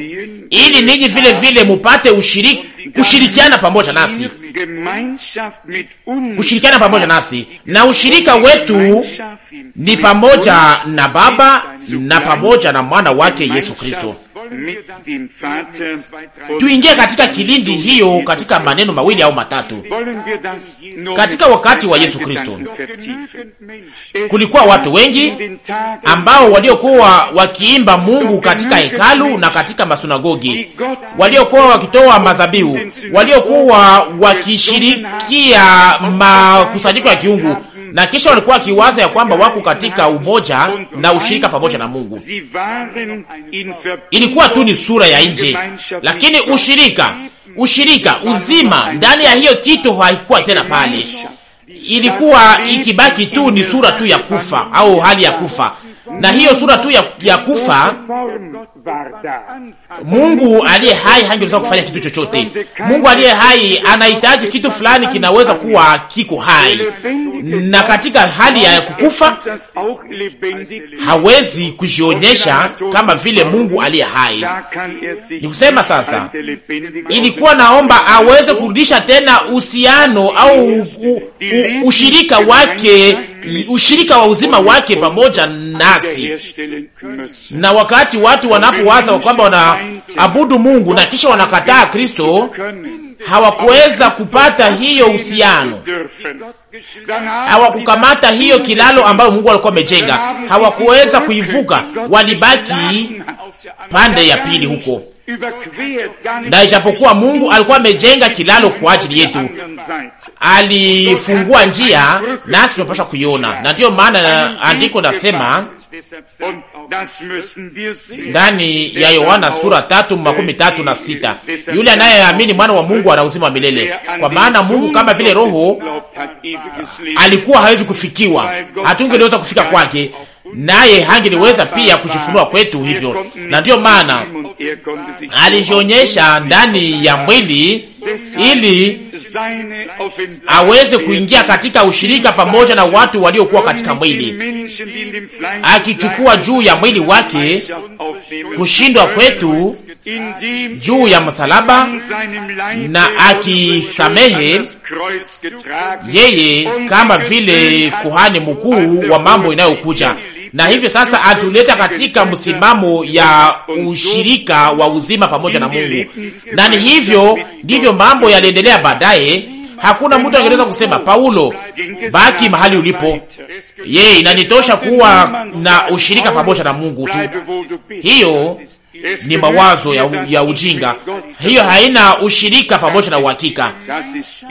ili ninyi vile vile mupate ushiriki kushirikiana pamoja nasi, kushirikiana pamoja nasi, na ushirika wetu ni pamoja na Baba na pamoja na mwana wake Yesu Kristo tuingie katika kilindi hiyo katika maneno mawili au matatu. Katika wakati wa Yesu Kristo kulikuwa watu wengi ambao waliokuwa wakiimba Mungu katika hekalu na katika masunagogi, waliokuwa wakitoa mazabihu, waliokuwa wakishirikia makusanyiko ya kiungu na kisha walikuwa wakiwaza ya kwamba wako katika umoja na ushirika pamoja na Mungu. Ilikuwa tu ni sura ya nje, lakini ushirika, ushirika uzima ndani ya hiyo kitu haikuwa tena pale, ilikuwa ikibaki tu ni sura tu ya kufa au hali ya kufa, na hiyo sura tu ya, ya kufa, Mungu aliye hai hangeweza kufanya kitu chochote. Mungu aliye hai anahitaji kitu fulani kinaweza kuwa kiko hai, na katika hali ya kukufa hawezi kujionyesha kama vile Mungu aliye hai. Ni kusema sasa, ilikuwa naomba aweze kurudisha tena uhusiano au u, u, ushirika wake, ushirika wa uzima wake pamoja nasi. Na wakati watu wanapowaza kwamba wanaabudu Mungu na kisha wanakataa Kristo, hawakuweza kupata hiyo uhusiano, hawakukamata hiyo kilalo ambayo Mungu alikuwa amejenga, hawakuweza kuivuka, walibaki pande ya pili huko na ijapokuwa Mungu alikuwa amejenga kilalo kwa ajili yetu, alifungua njia nasi tunapaswa kuiona, na ndiyo maana andiko nasema ndani ya Yohana sura tatu makumi tatu na sita yule anayeamini mwana wa Mungu ana uzima wa milele, kwa maana Mungu kama vile Roho alikuwa hawezi kufikiwa, hatungeliweza kufika kwake naye hangeliweza pia kujifunua kwetu hivyo, na ndiyo maana alijionyesha ndani ya mwili ili aweze kuingia katika ushirika pamoja na watu waliokuwa katika mwili, akichukua juu ya mwili wake kushindwa kwetu juu ya msalaba, na akisamehe yeye kama vile kuhani mkuu wa mambo inayokuja na hivyo sasa atuleta katika msimamo ya ushirika wa uzima pamoja na Mungu. Na ni hivyo ndivyo mambo yaliendelea baadaye. Hakuna mtu angeweza kusema Paulo, baki mahali ulipo, yeye inanitosha kuwa na ushirika pamoja na Mungu tu. Hiyo ni mawazo ya, ya ujinga. Hiyo haina ushirika pamoja na uhakika.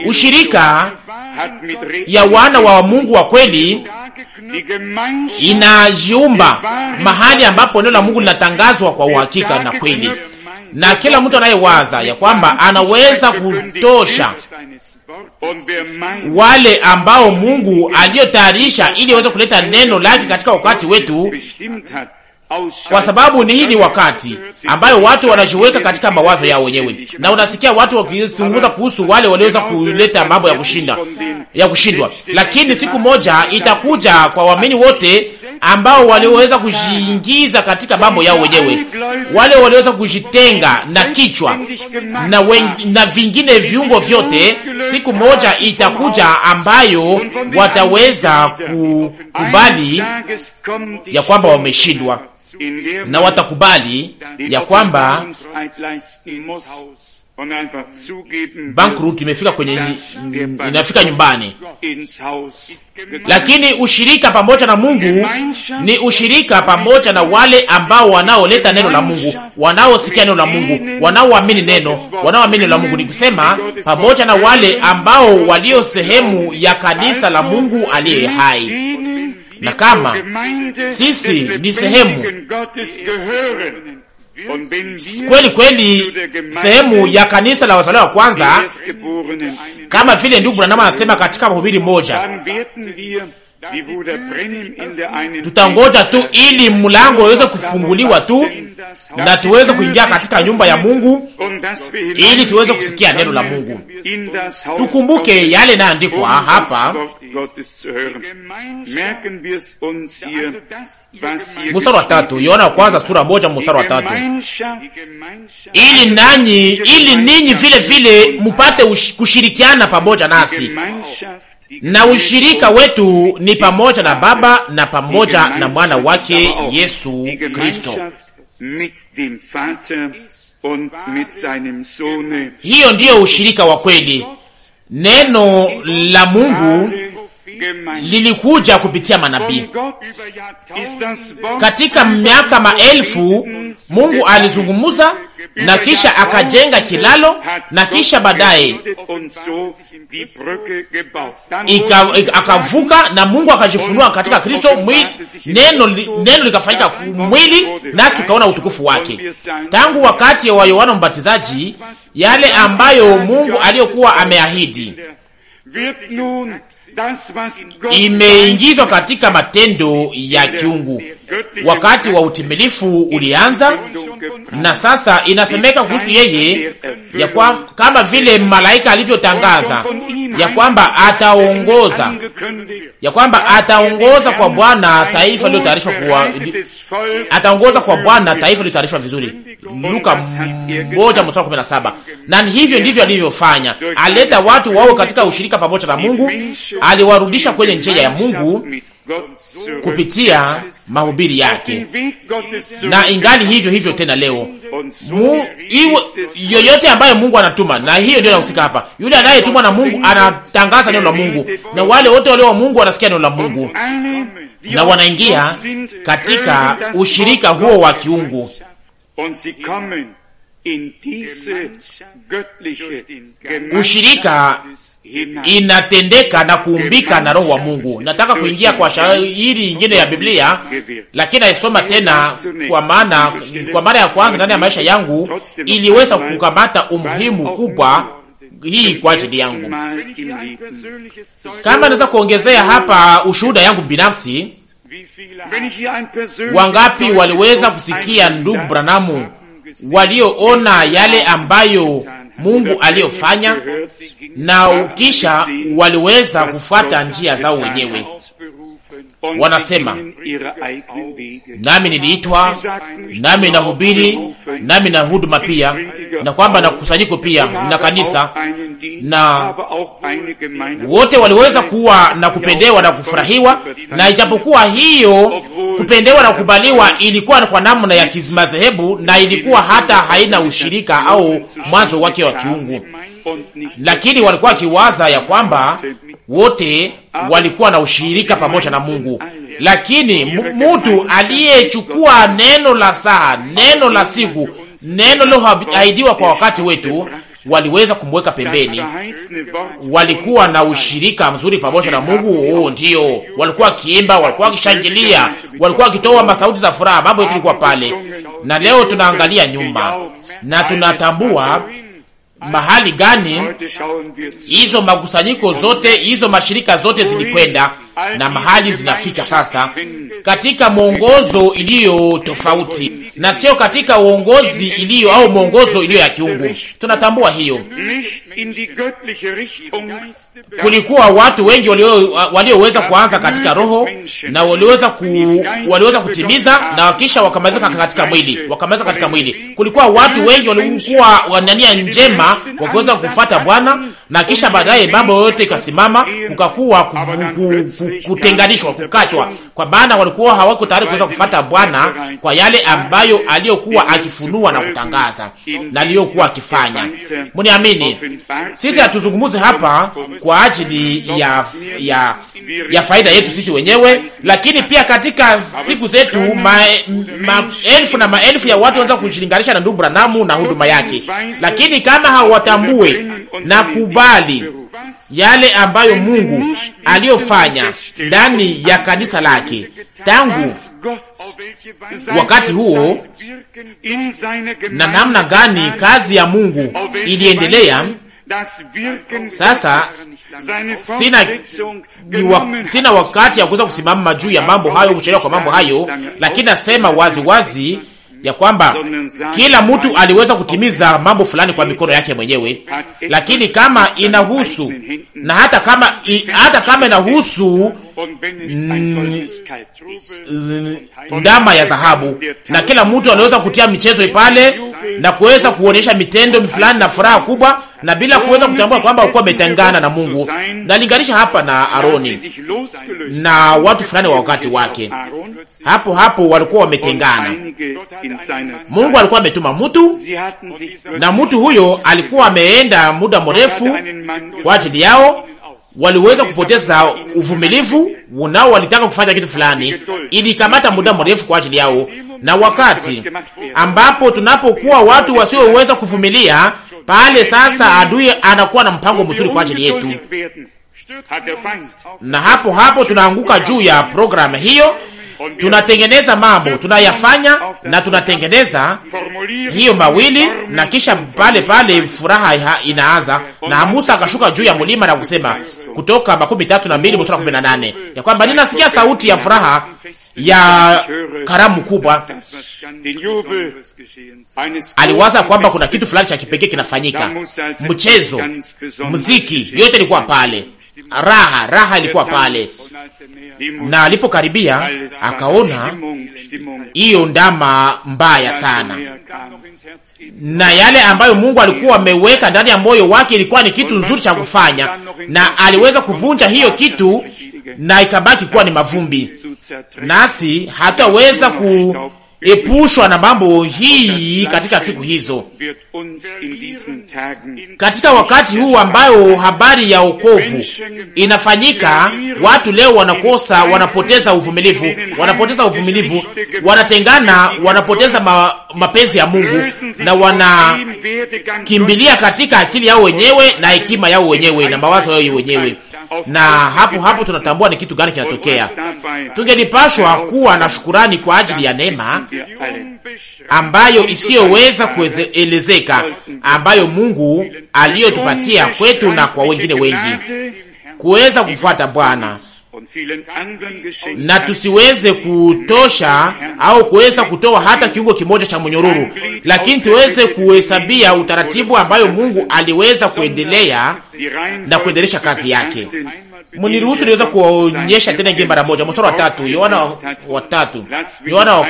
Ushirika ya wana wa Mungu wa kweli inajiumba mahali ambapo neno la Mungu linatangazwa kwa uhakika na kweli, na kila mtu anayewaza ya kwamba anaweza kutosha wale ambao Mungu aliyotayarisha ili aweze kuleta neno lake katika wakati wetu kwa sababu ni hii ni wakati ambayo watu wanajiweka katika mawazo yao wenyewe, na unasikia watu wakizungumza kuhusu wale walioweza kuleta mambo ya kushinda ya kushindwa, lakini siku moja itakuja kwa waamini wote ambao walioweza kujiingiza katika mambo yao wenyewe, wale walioweza kujitenga na kichwa na, wen, na vingine viungo vyote. Siku moja itakuja ambayo wataweza kukubali ya kwamba wameshindwa na watakubali ya kwamba bankrupt imefika kwenye inafika nyumbani, lakini ushirika pamoja na Mungu ni ushirika pamoja na wale ambao wanaoleta neno la Mungu, wanaosikia neno la Mungu, wanaoamini neno, wanaoamini neno la Mungu, ni kusema pamoja na wale ambao walio sehemu ya kanisa la Mungu aliye hai na kama sisi ni sehemu kweli kweli sehemu ya kanisa la wazaliwa wa kwanza, kama vile ndugu Branham anasema katika mahubiri moja, tutangoja tu ili mlango uweze kufunguliwa tu na tuweze kuingia katika nyumba ya Mungu ili tuweze kusikia neno la Mungu. Tukumbuke yale naandikwa um hapa mstari wa tatu, Yohana kwanza sura moja mstari wa tatu, ili nanyi, ili ninyi vile vile mupate kushirikiana pamoja nasi na ushirika wetu ni pamoja na Baba na pamoja na mwana wake Yesu Kristo. Hiyo ndiyo ushirika wa kweli. Neno la Mungu lilikuja kupitia manabii. Katika miaka maelfu Mungu alizungumza na kisha akajenga kilalo na kisha baadaye akavuka na Mungu akajifunua katika Kristo. Neno, neno likafanyika mwili nasi tukaona utukufu wake. Tangu wakati wa Yohana Mbatizaji, yale ambayo Mungu aliyokuwa ameahidi imeingizwa katika matendo ya kiungu. Wakati wa utimilifu ulianza, na sasa inasemeka kuhusu yeye ya kwa, kama vile malaika alivyotangaza ya kwamba ataongoza ya kwamba ataongoza kwa Bwana taifa lilotayarishwa kwa ataongoza kwa Bwana taifa lilotayarishwa vizuri, Luka moja na Na hivyo ndivyo alivyofanya, aleta watu wao katika ushirika pamoja na Mungu aliwarudisha kwenye njia ya Mungu kupitia mahubiri yake, na ingali hivyo hivyo tena leo Mu, iwe, yoyote ambayo Mungu anatuma, na hiyo ndio inahusika hapa. Yule anayetumwa na Mungu anatangaza neno la Mungu, na wale wote walio wa Mungu wanasikia neno la Mungu na wanaingia katika ushirika huo wa kiungu ushirika inatendeka na kuumbika na Roho wa Mungu. Nataka kuingia kwa shairi ingine ya Biblia, lakini naisoma tena kwa maana, kwa mara ya kwanza ndani ya maisha yangu iliweza kukamata umuhimu kubwa hii kwa ajili yangu. Kama naweza kuongezea hapa ushuhuda yangu binafsi, wangapi waliweza kusikia ndugu Branamu walioona yale ambayo Mungu aliyofanya, na kisha waliweza kufuata njia zao wenyewe wanasema, nami niliitwa, nami nahubiri, nami na huduma pia, na kwamba na kusanyiko pia na kanisa, na wote waliweza kuwa na kupendewa na kufurahiwa, na ijapokuwa hiyo kupendewa na kukubaliwa ilikuwa kwa namna ya kimadhehebu na ilikuwa hata haina ushirika au mwanzo wake wa kiungu, lakini walikuwa wakiwaza ya kwamba wote walikuwa na ushirika pamoja na Mungu, lakini mtu aliyechukua neno la saa, neno la siku, neno liloahidiwa kwa wakati wetu waliweza kumweka pembeni. Walikuwa na ushirika mzuri pamoja na Mungu. Oh, ndio walikuwa wakiimba, walikuwa wakishangilia, walikuwa wakitoa masauti za furaha. Mambo yote ilikuwa pale, na leo tunaangalia nyuma na tunatambua mahali gani hizo makusanyiko zote, hizo mashirika zote zilikwenda na mahali zinafika sasa katika mwongozo iliyo tofauti na sio katika uongozi iliyo au mwongozo iliyo ya kiungu. Tunatambua hiyo. Kulikuwa watu wengi walioweza kuanza katika roho na waliweza ku, waliweza kutimiza na kisha wakamaliza katika mwili, wakamaliza katika mwili. Kulikuwa watu wengi walikuwa wanania njema wakiweza kufata Bwana na kisha baadaye mambo yote ikasimama, kukakuwa kutenganishwa, kukatwa, kwa maana walikuwa hawako tayari kuweza kufata Bwana kwa yale ambayo aliyokuwa akifunua na kutangaza na aliyokuwa akifanya. Mniamini, sisi hatuzungumuze hapa kwa ajili ya, ya, ya faida yetu sisi wenyewe, lakini pia katika siku zetu maelfu ma, ma, na maelfu ya watu wanaweza kujilinganisha na ndugu Branamu na huduma yake, lakini kama hawatambue na kuba kukubali yale ambayo Mungu aliyofanya ndani ya kanisa lake tangu wakati huo, na namna gani kazi ya Mungu iliendelea. Sasa sina, wa, sina wakati ya kuweza kusimama juu ya mambo hayo, kuchelewa kwa mambo hayo, lakini nasema waziwazi wazi, ya kwamba kila mtu aliweza kutimiza mambo fulani kwa mikono yake mwenyewe, lakini kama inahusu na hata kama hata kama inahusu Mm. Mm. ndama ya dhahabu, na kila mtu anaweza kutia michezo pale na kuweza kuonyesha mitendo fulani na furaha kubwa, na bila kuweza kutambua kwamba alikuwa ametengana na Mungu. Nalinganisha hapa na Aroni na watu fulani wa wakati wake, hapo hapo walikuwa wametengana. Mungu alikuwa ametuma mtu na mtu huyo alikuwa ameenda muda er mrefu kwa ajili yao waliweza kupoteza uvumilivu nao walitaka kufanya kitu fulani, ilikamata muda mrefu kwa ajili yao. Na wakati ambapo tunapokuwa watu wasioweza kuvumilia, pale sasa adui anakuwa na mpango mzuri kwa ajili yetu, er na hapo hapo tunaanguka juu ya programu hiyo tunatengeneza mambo tunayafanya na tunatengeneza hiyo mawili, na kisha pale pale furaha inaanza. Na Musa akashuka juu ya mlima na kusema, Kutoka makumi tatu na mbili mstari kumi na nane ya kwamba ninasikia sauti ya furaha ya karamu kubwa. Aliwaza kwamba kuna kitu fulani cha kipekee kinafanyika, mchezo, muziki, yote ilikuwa pale raha, raha ilikuwa pale, na alipokaribia akaona hiyo ndama mbaya sana, na yale ambayo Mungu alikuwa ameweka ndani ya moyo wake ilikuwa ni kitu nzuri cha kufanya, na aliweza kuvunja hiyo kitu na ikabaki kuwa ni mavumbi, nasi hataweza ku epushwa na mambo hii katika siku hizo, katika wakati huu ambayo habari ya wokovu inafanyika. Watu leo wanakosa, wanapoteza uvumilivu, wanapoteza uvumilivu, wanatengana, wanapoteza ma, mapenzi ya Mungu na wanakimbilia katika akili yao wenyewe na hekima yao wenyewe na mawazo yao wenyewe na hapo hapo tunatambua ni kitu gani kinatokea. Tungelipashwa kuwa na shukurani kwa ajili ya neema ambayo isiyoweza kuelezeka, ambayo Mungu aliyotupatia kwetu na kwa wengine wengi, kuweza kufuata Bwana na tusiweze kutosha au kuweza kutoa hata kiungo kimoja cha mnyororo, lakini tuweze kuhesabia utaratibu ambayo Mungu aliweza kuendelea na kuendelesha kazi yake. Mniruhusu niweza kuonyesha tena ngine mara moja, mstari wa tatu, Yohana wa tatu, Yohana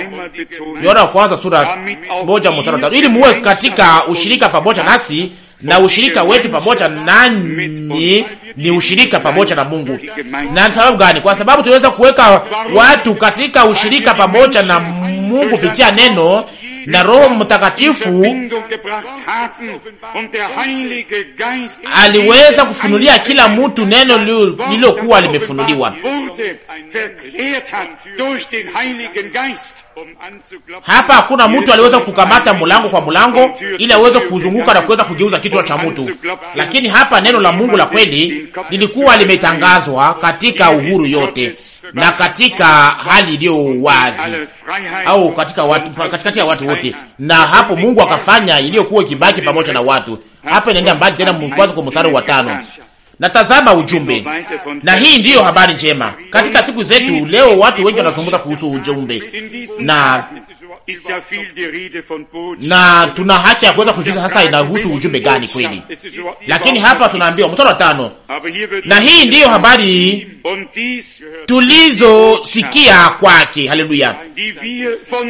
Yohana wa kwanza sura moja mstari wa tatu, ili muwe katika ushirika pamoja nasi na ushirika wetu pamoja nanyi ni ushirika pamoja na Mungu. Na sababu gani? Kwa sababu tunaweza kuweka watu katika ushirika pamoja na Mungu kupitia neno na Roho Mtakatifu aliweza kufunulia kila mtu neno lililokuwa limefunuliwa hapa. Hakuna mtu aliweza kukamata mulango kwa mulango ili aweze kuzunguka na kuweza kugeuza kichwa cha mtu, lakini hapa neno la Mungu la kweli lilikuwa limetangazwa katika uhuru yote na katika hali iliyo wazi au katika watu, katikati ya watu wote, na hapo Mungu akafanya iliyokuwa ikibaki pamoja na watu. Hapa inaenda mbali tena, mwanzo kwa mstari wa tano. Natazama ujumbe, na hii ndiyo habari njema. Katika siku zetu leo watu wengi wanazungumza kuhusu ujumbe, na na tuna haki ya kuweza kujiuliza sasa inahusu ujumbe gani kweli, lakini hapa tunaambiwa mstari wa tano, ah, na hii ndiyo habari euh, tulizosikia kwake. Haleluya,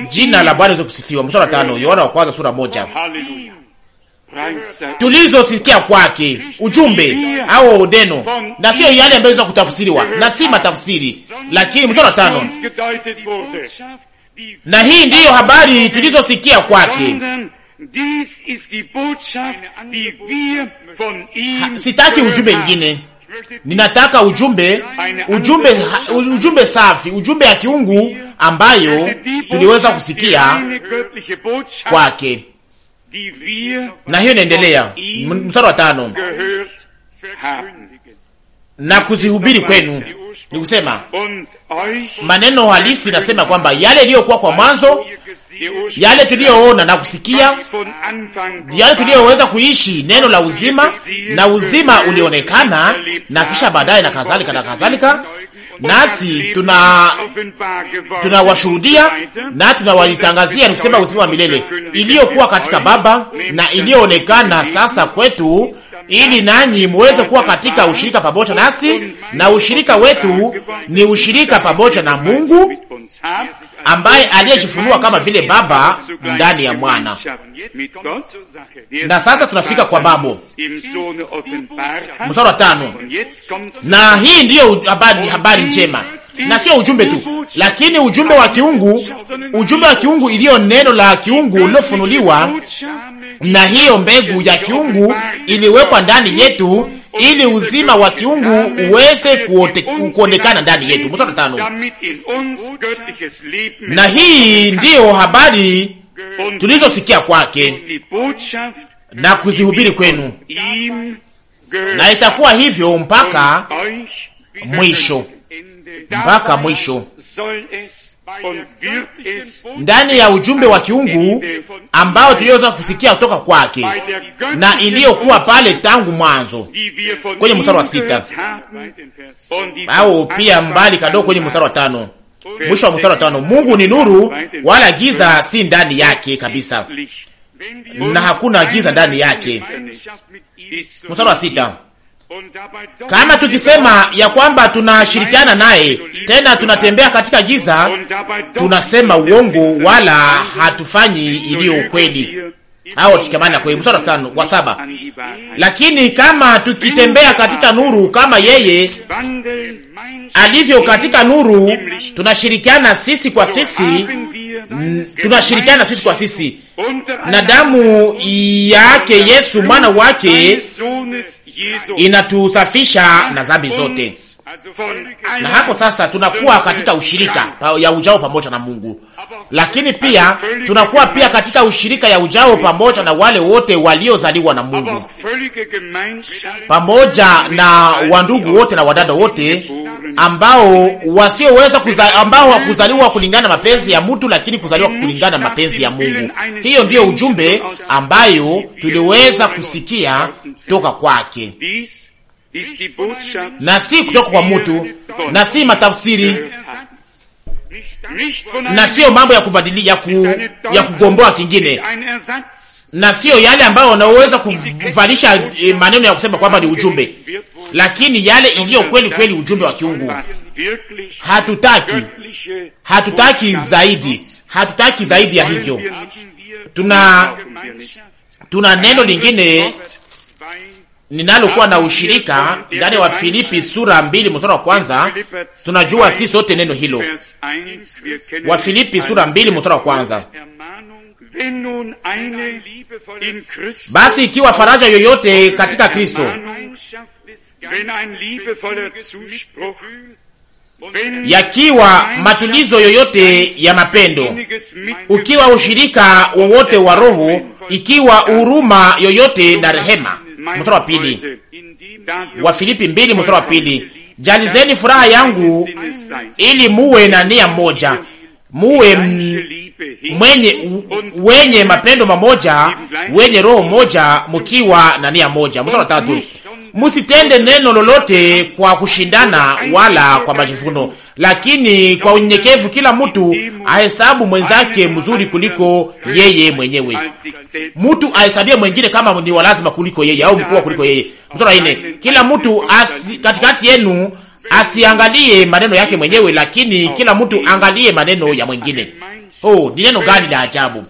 jina la Bwana kusifiwa. Mstari wa tano, Yohana wa kwanza sura moja tulizosikia kwake ujumbe au odeno, na sio yale ambayo inaweza kutafsiriwa na si matafsiri, lakini mstari wa tano na hii ndiyo habari tulizosikia kwake. Sitaki ujumbe ingine, ninataka ujumbe ujumbe ujumbe safi, ujumbe ya kiungu ambayo tuliweza kusikia kwake. Na hiyo inaendelea mstari wa tano na kuzihubiri kwenu, nikusema Maneno halisi nasema kwamba yale iliyokuwa kwa mwanzo, yale tuliyoona na kusikia, yale tuliyoweza kuishi, neno la uzima na uzima ulionekana, na kisha baadaye na kadhalika na kadhalika, nasi tuna tunawashuhudia na tunawalitangazia ni kusema uzima wa milele iliyokuwa katika Baba na iliyoonekana sasa kwetu, ili nanyi muweze kuwa katika ushirika pamoja nasi, na ushirika wetu ni ushirika pamoja na Mungu ambaye aliyejifunua kama vile Baba ndani ya Mwana. Na sasa tunafika kwa Babo, mstari wa tano. Na hii ndiyo habari, habari njema na sio ujumbe tu, lakini ujumbe wa kiungu, ujumbe wa kiungu iliyo neno la kiungu uliofunuliwa, na hiyo mbegu ya kiungu iliwekwa ndani yetu ili uzima wa kiungu uweze kuonekana ndani yetu. Mstari tano. Na hii ndiyo habari tulizosikia kwake na kuzihubiri kwenu, na itakuwa hivyo mpaka mwisho, mpaka mwisho ndani ya ujumbe wa kiungu ambao tuliweza kusikia kutoka kwake na iliyokuwa pale tangu mwanzo kwenye mstari wa sita au pia mbali kadogo kwenye mstari wa tano mwisho wa mstari wa tano Mungu ni nuru, wala giza si ndani yake kabisa, na hakuna giza ndani yake. Mstari wa sita kama tukisema ya kwamba tunashirikiana naye tena tunatembea katika giza, tunasema uongo wala hatufanyi iliyo ukweli au tushikamana kweli. Mstari wa tano wa saba, lakini kama tukitembea katika nuru kama yeye alivyo katika nuru, tunashirikiana sisi kwa sisi, tunashirikiana sisi kwa sisi, na damu yake Yesu mwana wake inatusafisha na zambi zote na hapo sasa tunakuwa katika ushirika ya ujao pamoja na Mungu, lakini pia tunakuwa pia katika ushirika ya ujao pamoja na wale wote waliozaliwa na Mungu, pamoja na wandugu wote na wadada wote ambao wasioweza kuza, ambao hakuzaliwa kulingana na mapenzi ya mtu, lakini kuzaliwa kulingana na mapenzi ya Mungu. Hiyo ndiyo ujumbe ambayo tuliweza kusikia toka kwake na si kutoka kwa mutu na si matafsiri na siyo mambo ya kubadili ya, ku, ya kugomboa kingine na siyo yale ambayo wanaweza kuvalisha eh, maneno ya kusema kwamba ni ujumbe, lakini yale iliyo kweli kweli ujumbe wa kiungu. Hatutaki, hatutaki zaidi, hatutaki zaidi ya hivyo. Tuna tuna neno lingine ninalokuwa na ushirika ndani ya Wafilipi sura mbili mstari wa kwanza. Tunajua si sote neno hilo, Wafilipi sura mbili mstari wa kwanza. Basi ikiwa faraja yoyote katika Kristo yakiwa matulizo yoyote ya mapendo, ukiwa ushirika wowote wa Roho, ikiwa huruma yoyote na rehema mstari wa pili wa Filipi mbili mstari wa pili jalizeni furaha yangu ili muwe na nia moja, muwe mwenye wenye mapendo mamoja, wenye roho moja, mkiwa na nia moja. Mstari wa tatu musitende neno lolote kwa kushindana wala kwa majivuno, lakini kwa unyenyekevu kila mtu ahesabu mwenzake mzuri kuliko yeye mwenyewe. Mtu ahesabie mwengine kama ni lazima kuliko yeye au mkubwa kuliko yeye. Mtoto ine, kila mtu katikati yenu asiangalie maneno yake mwenyewe, lakini kila mtu angalie maneno ya mwengine. Oh, ni neno gani la ajabu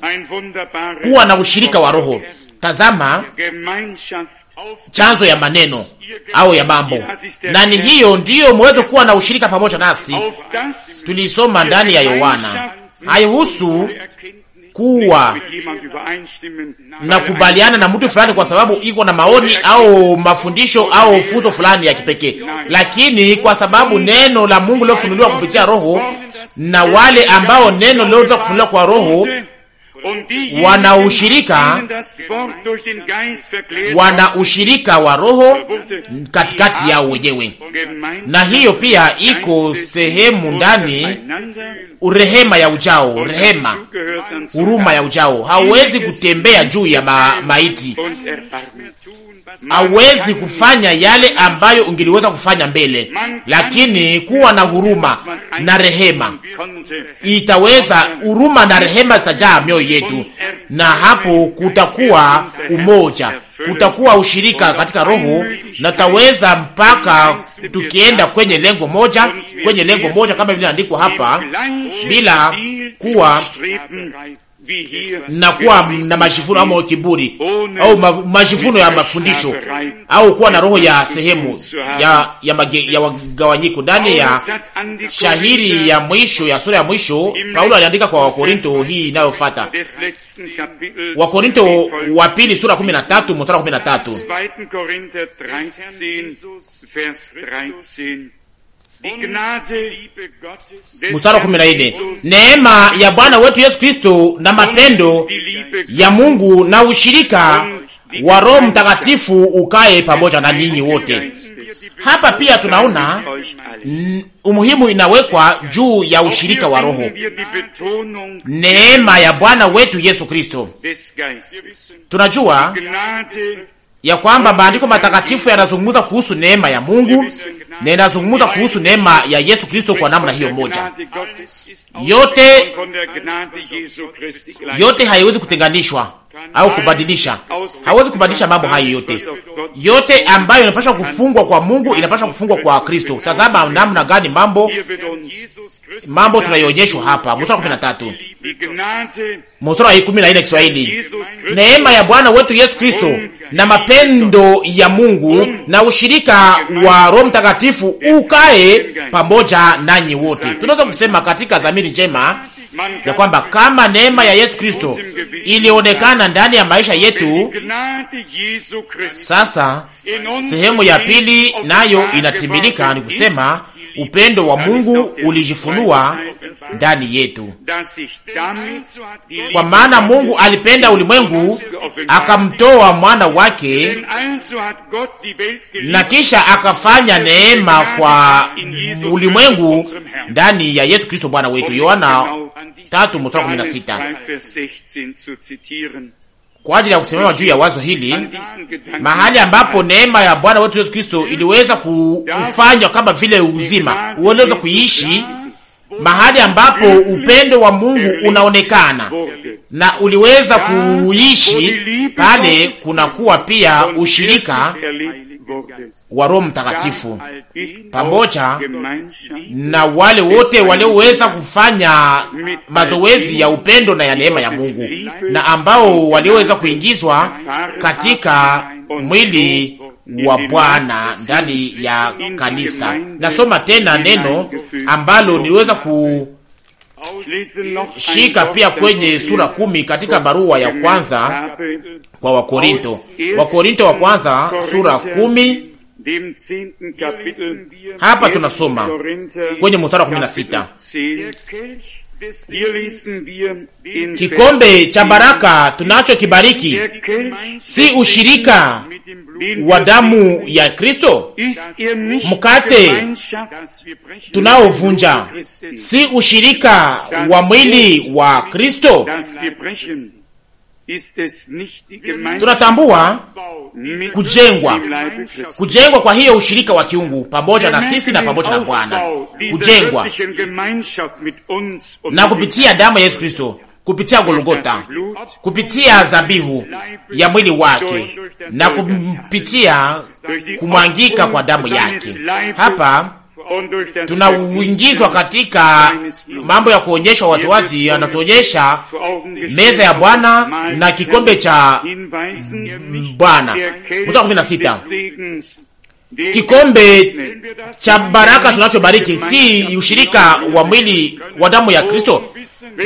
kuwa na ushirika wa Roho! Tazama chanzo ya maneno au ya mambo, na ni hiyo ndiyo muweze kuwa na ushirika pamoja nasi. Tuliisoma ndani ya Yohana, haihusu kuwa na kubaliana na mtu fulani kwa sababu iko na maoni au mafundisho au funzo fulani ya kipekee, lakini kwa sababu neno la Mungu lilofunuliwa kupitia Roho na wale ambao neno liloweza kufunuliwa kwa Roho wana ushirika, wana ushirika wa Roho katikati yao wenyewe, na hiyo pia iko sehemu ndani rehema ya ujao, rehema huruma ya ujao. Hauwezi kutembea juu ya ma maiti hawezi kufanya yale ambayo ungeliweza kufanya mbele, lakini kuwa na huruma na rehema itaweza, huruma na rehema zitajaa mioyo yetu, na hapo kutakuwa umoja, kutakuwa ushirika katika Roho, na tutaweza mpaka tukienda kwenye lengo moja, kwenye lengo moja, kama vile andikwa hapa, bila kuwa na kuwa na majivuno ama kiburi au majivuno ya mafundisho au kuwa na roho ya sehemu ya ya, mage, ya wagawanyiko. Ndani ya shahiri ya mwisho ya sura ya mwisho, Paulo aliandika kwa Wakorinto hii inayofuata, Wakorinto wa pili sura 13 mstari 13 mstari wa kumi na nne neema ya Bwana wetu Yesu Kristo na mapendo ya Mungu na ushirika wa Roho Mtakatifu ukae pamoja na ninyi wote. Hapa pia tunaona umuhimu inawekwa juu ya ushirika wa Roho, neema ya Bwana wetu Yesu Kristo. Tunajua ya kwamba maandiko matakatifu yanazungumza kuhusu neema ya Mungu na inazungumza kuhusu neema ya Yesu Kristo kwa namna hiyo moja. Yote yote haiwezi kutenganishwa au kubadilisha. Hawezi kubadilisha mambo hayo yote. Yote ambayo inapaswa kufungwa kwa Mungu inapaswa kufungwa kwa Kristo. Tazama namna gani mambo mambo tunayoonyeshwa hapa, mstari wa 13 mstari wa 14 Kiswahili, neema ya Bwana wetu Yesu Kristo na mapendo ya Mungu na ushirika wa Roho Mtakatifu ukae pamoja nanyi wote. Tunaweza kusema katika dhamiri njema ya kwamba kama neema ya Yesu Kristo ilionekana ndani ya maisha yetu. Sasa sehemu ya pili nayo inatimilika, ni kusema upendo wa Mungu ulijifunua ndani yetu, kwa maana Mungu alipenda ulimwengu akamtoa mwana wake, na kisha akafanya neema kwa ulimwengu ndani ya Yesu Kristo Bwana wetu, Yohana 3:16 kwa ajili ya kusimama juu ya wazo hili, mahali ambapo neema ya Bwana wetu Yesu Kristo iliweza kufanywa kama vile uzima uliweza kuishi, mahali ambapo upendo wa Mungu unaonekana na uliweza kuishi pale, kunakuwa pia ushirika wa Roho Mtakatifu pamoja na wale wote walioweza kufanya mazoezi ya upendo na ya neema ya Mungu na ambao walioweza kuingizwa katika mwili wa Bwana ndani ya kanisa. Nasoma tena neno ambalo niliweza ku Shika pia kwenye sura kumi katika barua ya kwanza kwa Wakorinto, Wakorinto wa kwanza sura kumi. Hapa tunasoma kwenye mstari wa kumi na sita Kikombe cha baraka tunacho kibariki si ushirika wa damu ya Kristo? Mkate tunaovunja si ushirika wa mwili wa Kristo? tunatambua kujengwa kujengwa kwa hiyo ushirika wa kiungu pamoja na sisi na pamoja na Bwana, kujengwa na kupitia damu ya Yesu Kristo, kupitia Golgota, kupitia zabihu ya mwili wake na kupitia kumwangika kwa damu yake hapa tunauingizwa katika mambo ya kuonyeshwa wasiwasi. Anatuonyesha meza ya Bwana na kikombe cha Bwana. Mstari kumi na sita kikombe cha baraka tunachobariki si ushirika wa mwili wa damu ya Kristo.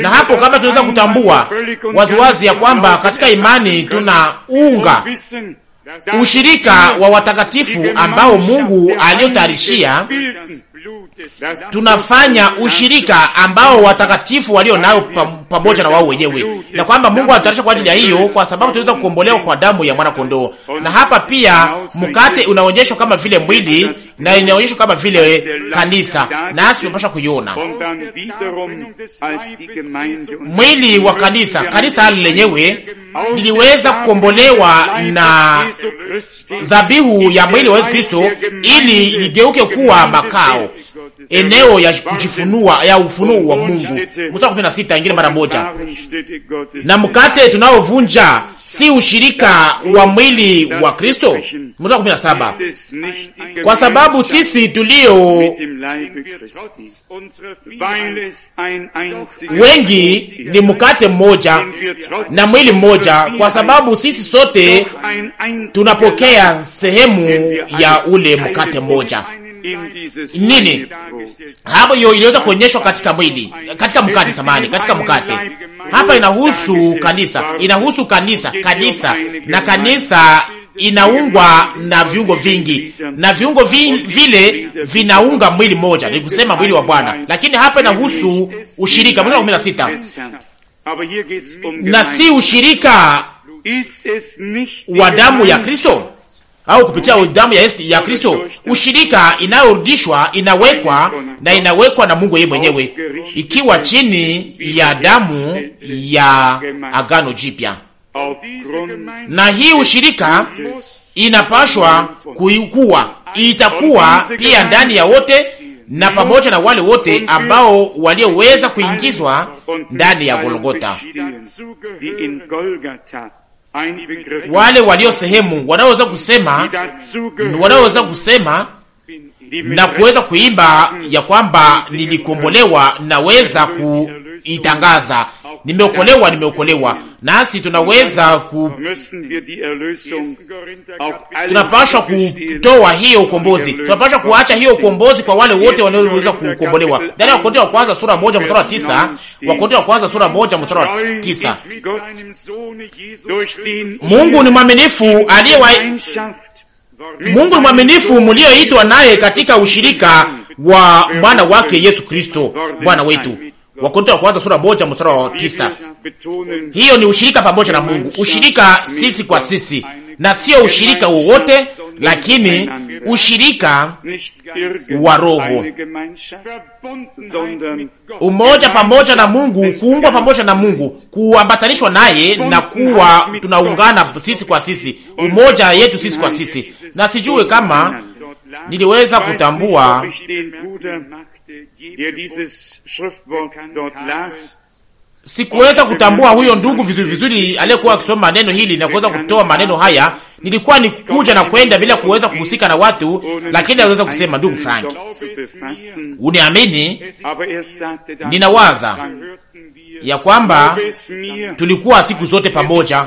Na hapo kama tunaweza kutambua waziwazi ya kwamba katika imani tunaunga ushirika wa watakatifu ambao Mungu aliyotayarishia. Tunafanya ushirika ambao watakatifu walio nayo pamoja na wao wenyewe, na kwamba Mungu anatayarisha kwa ajili ya hiyo, kwa sababu tunaweza kukombolewa kwa damu ya mwana kondoo. Na hapa pia mkate unaonyeshwa kama vile mwili na inaonyeshwa kama vile eh, kanisa, nasi tunapaswa kuiona mwili wa kanisa. Kanisa hali lenyewe liliweza kukombolewa na zabihu ya mwili wa Yesu Kristo ili ligeuke kuwa makao eneo ya kujifunua ya ufunuo wa Mungu. Mstari kumi na sita ingine mara moja, na mkate tunaovunja si ushirika wa mwili wa Kristo. Mstari kumi na saba, kwa sababu sisi tulio wengi ni mkate mmoja na mwili mmoja, kwa sababu sisi sote tunapokea sehemu ya ule mkate mmoja nini hapo, iliweza kuonyeshwa katika mwili, katika mkate samani, katika mkate. Hapa inahusu kanisa, inahusu kanisa, kanisa na kanisa inaungwa na viungo vingi na viungo vingi, vile vinaunga mwili mmoja, ni kusema mwili wa Bwana, lakini hapa inahusu ushirika. Mstari wa kumi na sita na si ushirika wa damu ya Kristo au kupitia damu ya ya Kristo, ushirika inayorudishwa inawekwa na inawekwa na Mungu yeye mwenyewe, ikiwa chini ya damu ya agano jipya, na hii ushirika inapashwa kuikuwa, itakuwa pia ndani ya wote na pamoja na wale wote ambao walioweza kuingizwa ndani ya Golgota wale walio sehemu wanaoweza kusema wanaoweza kusema na kuweza kuimba ya kwamba nilikombolewa, naweza ku itangaza, nimeokolewa, nimeokolewa. Nasi tunaweza ku, tunapashwa kutoa hiyo ukombozi, tunapashwa kuacha hiyo ukombozi kwa wale wote wanaoweza kukombolewa. Ndani ya Wakorintho wa kwanza sura moja mstari wa tisa, Wakorintho wa kwanza sura moja mstari wa tisa. Mungu ni mwaminifu aliyewa Mungu ni mwaminifu mlioitwa naye katika ushirika wa mwana wake Yesu Kristo Bwana wetu. Wakorintho wa kwanza sura moja mstari wa tisa. Hiyo ni ushirika pamoja na Mungu, ushirika sisi kwa sisi, na sio ushirika wowote, lakini ushirika wa Roho, umoja pamoja na Mungu, kuungwa pamoja na Mungu, kuambatanishwa naye na kuwa tunaungana sisi kwa sisi, umoja yetu sisi kwa sisi. Na sijue kama niliweza kutambua der dieses Schriftwort dort las, sikuweza kutambua huyo ndugu vizuri vizuri aliyekuwa akisoma neno hili na kuweza kutoa maneno haya. Nilikuwa ni kuja na kwenda bila kuweza kuhusika na watu, lakini aliweza kusema, ndugu Frank, uniamini, ninawaza ya kwamba tulikuwa siku zote pamoja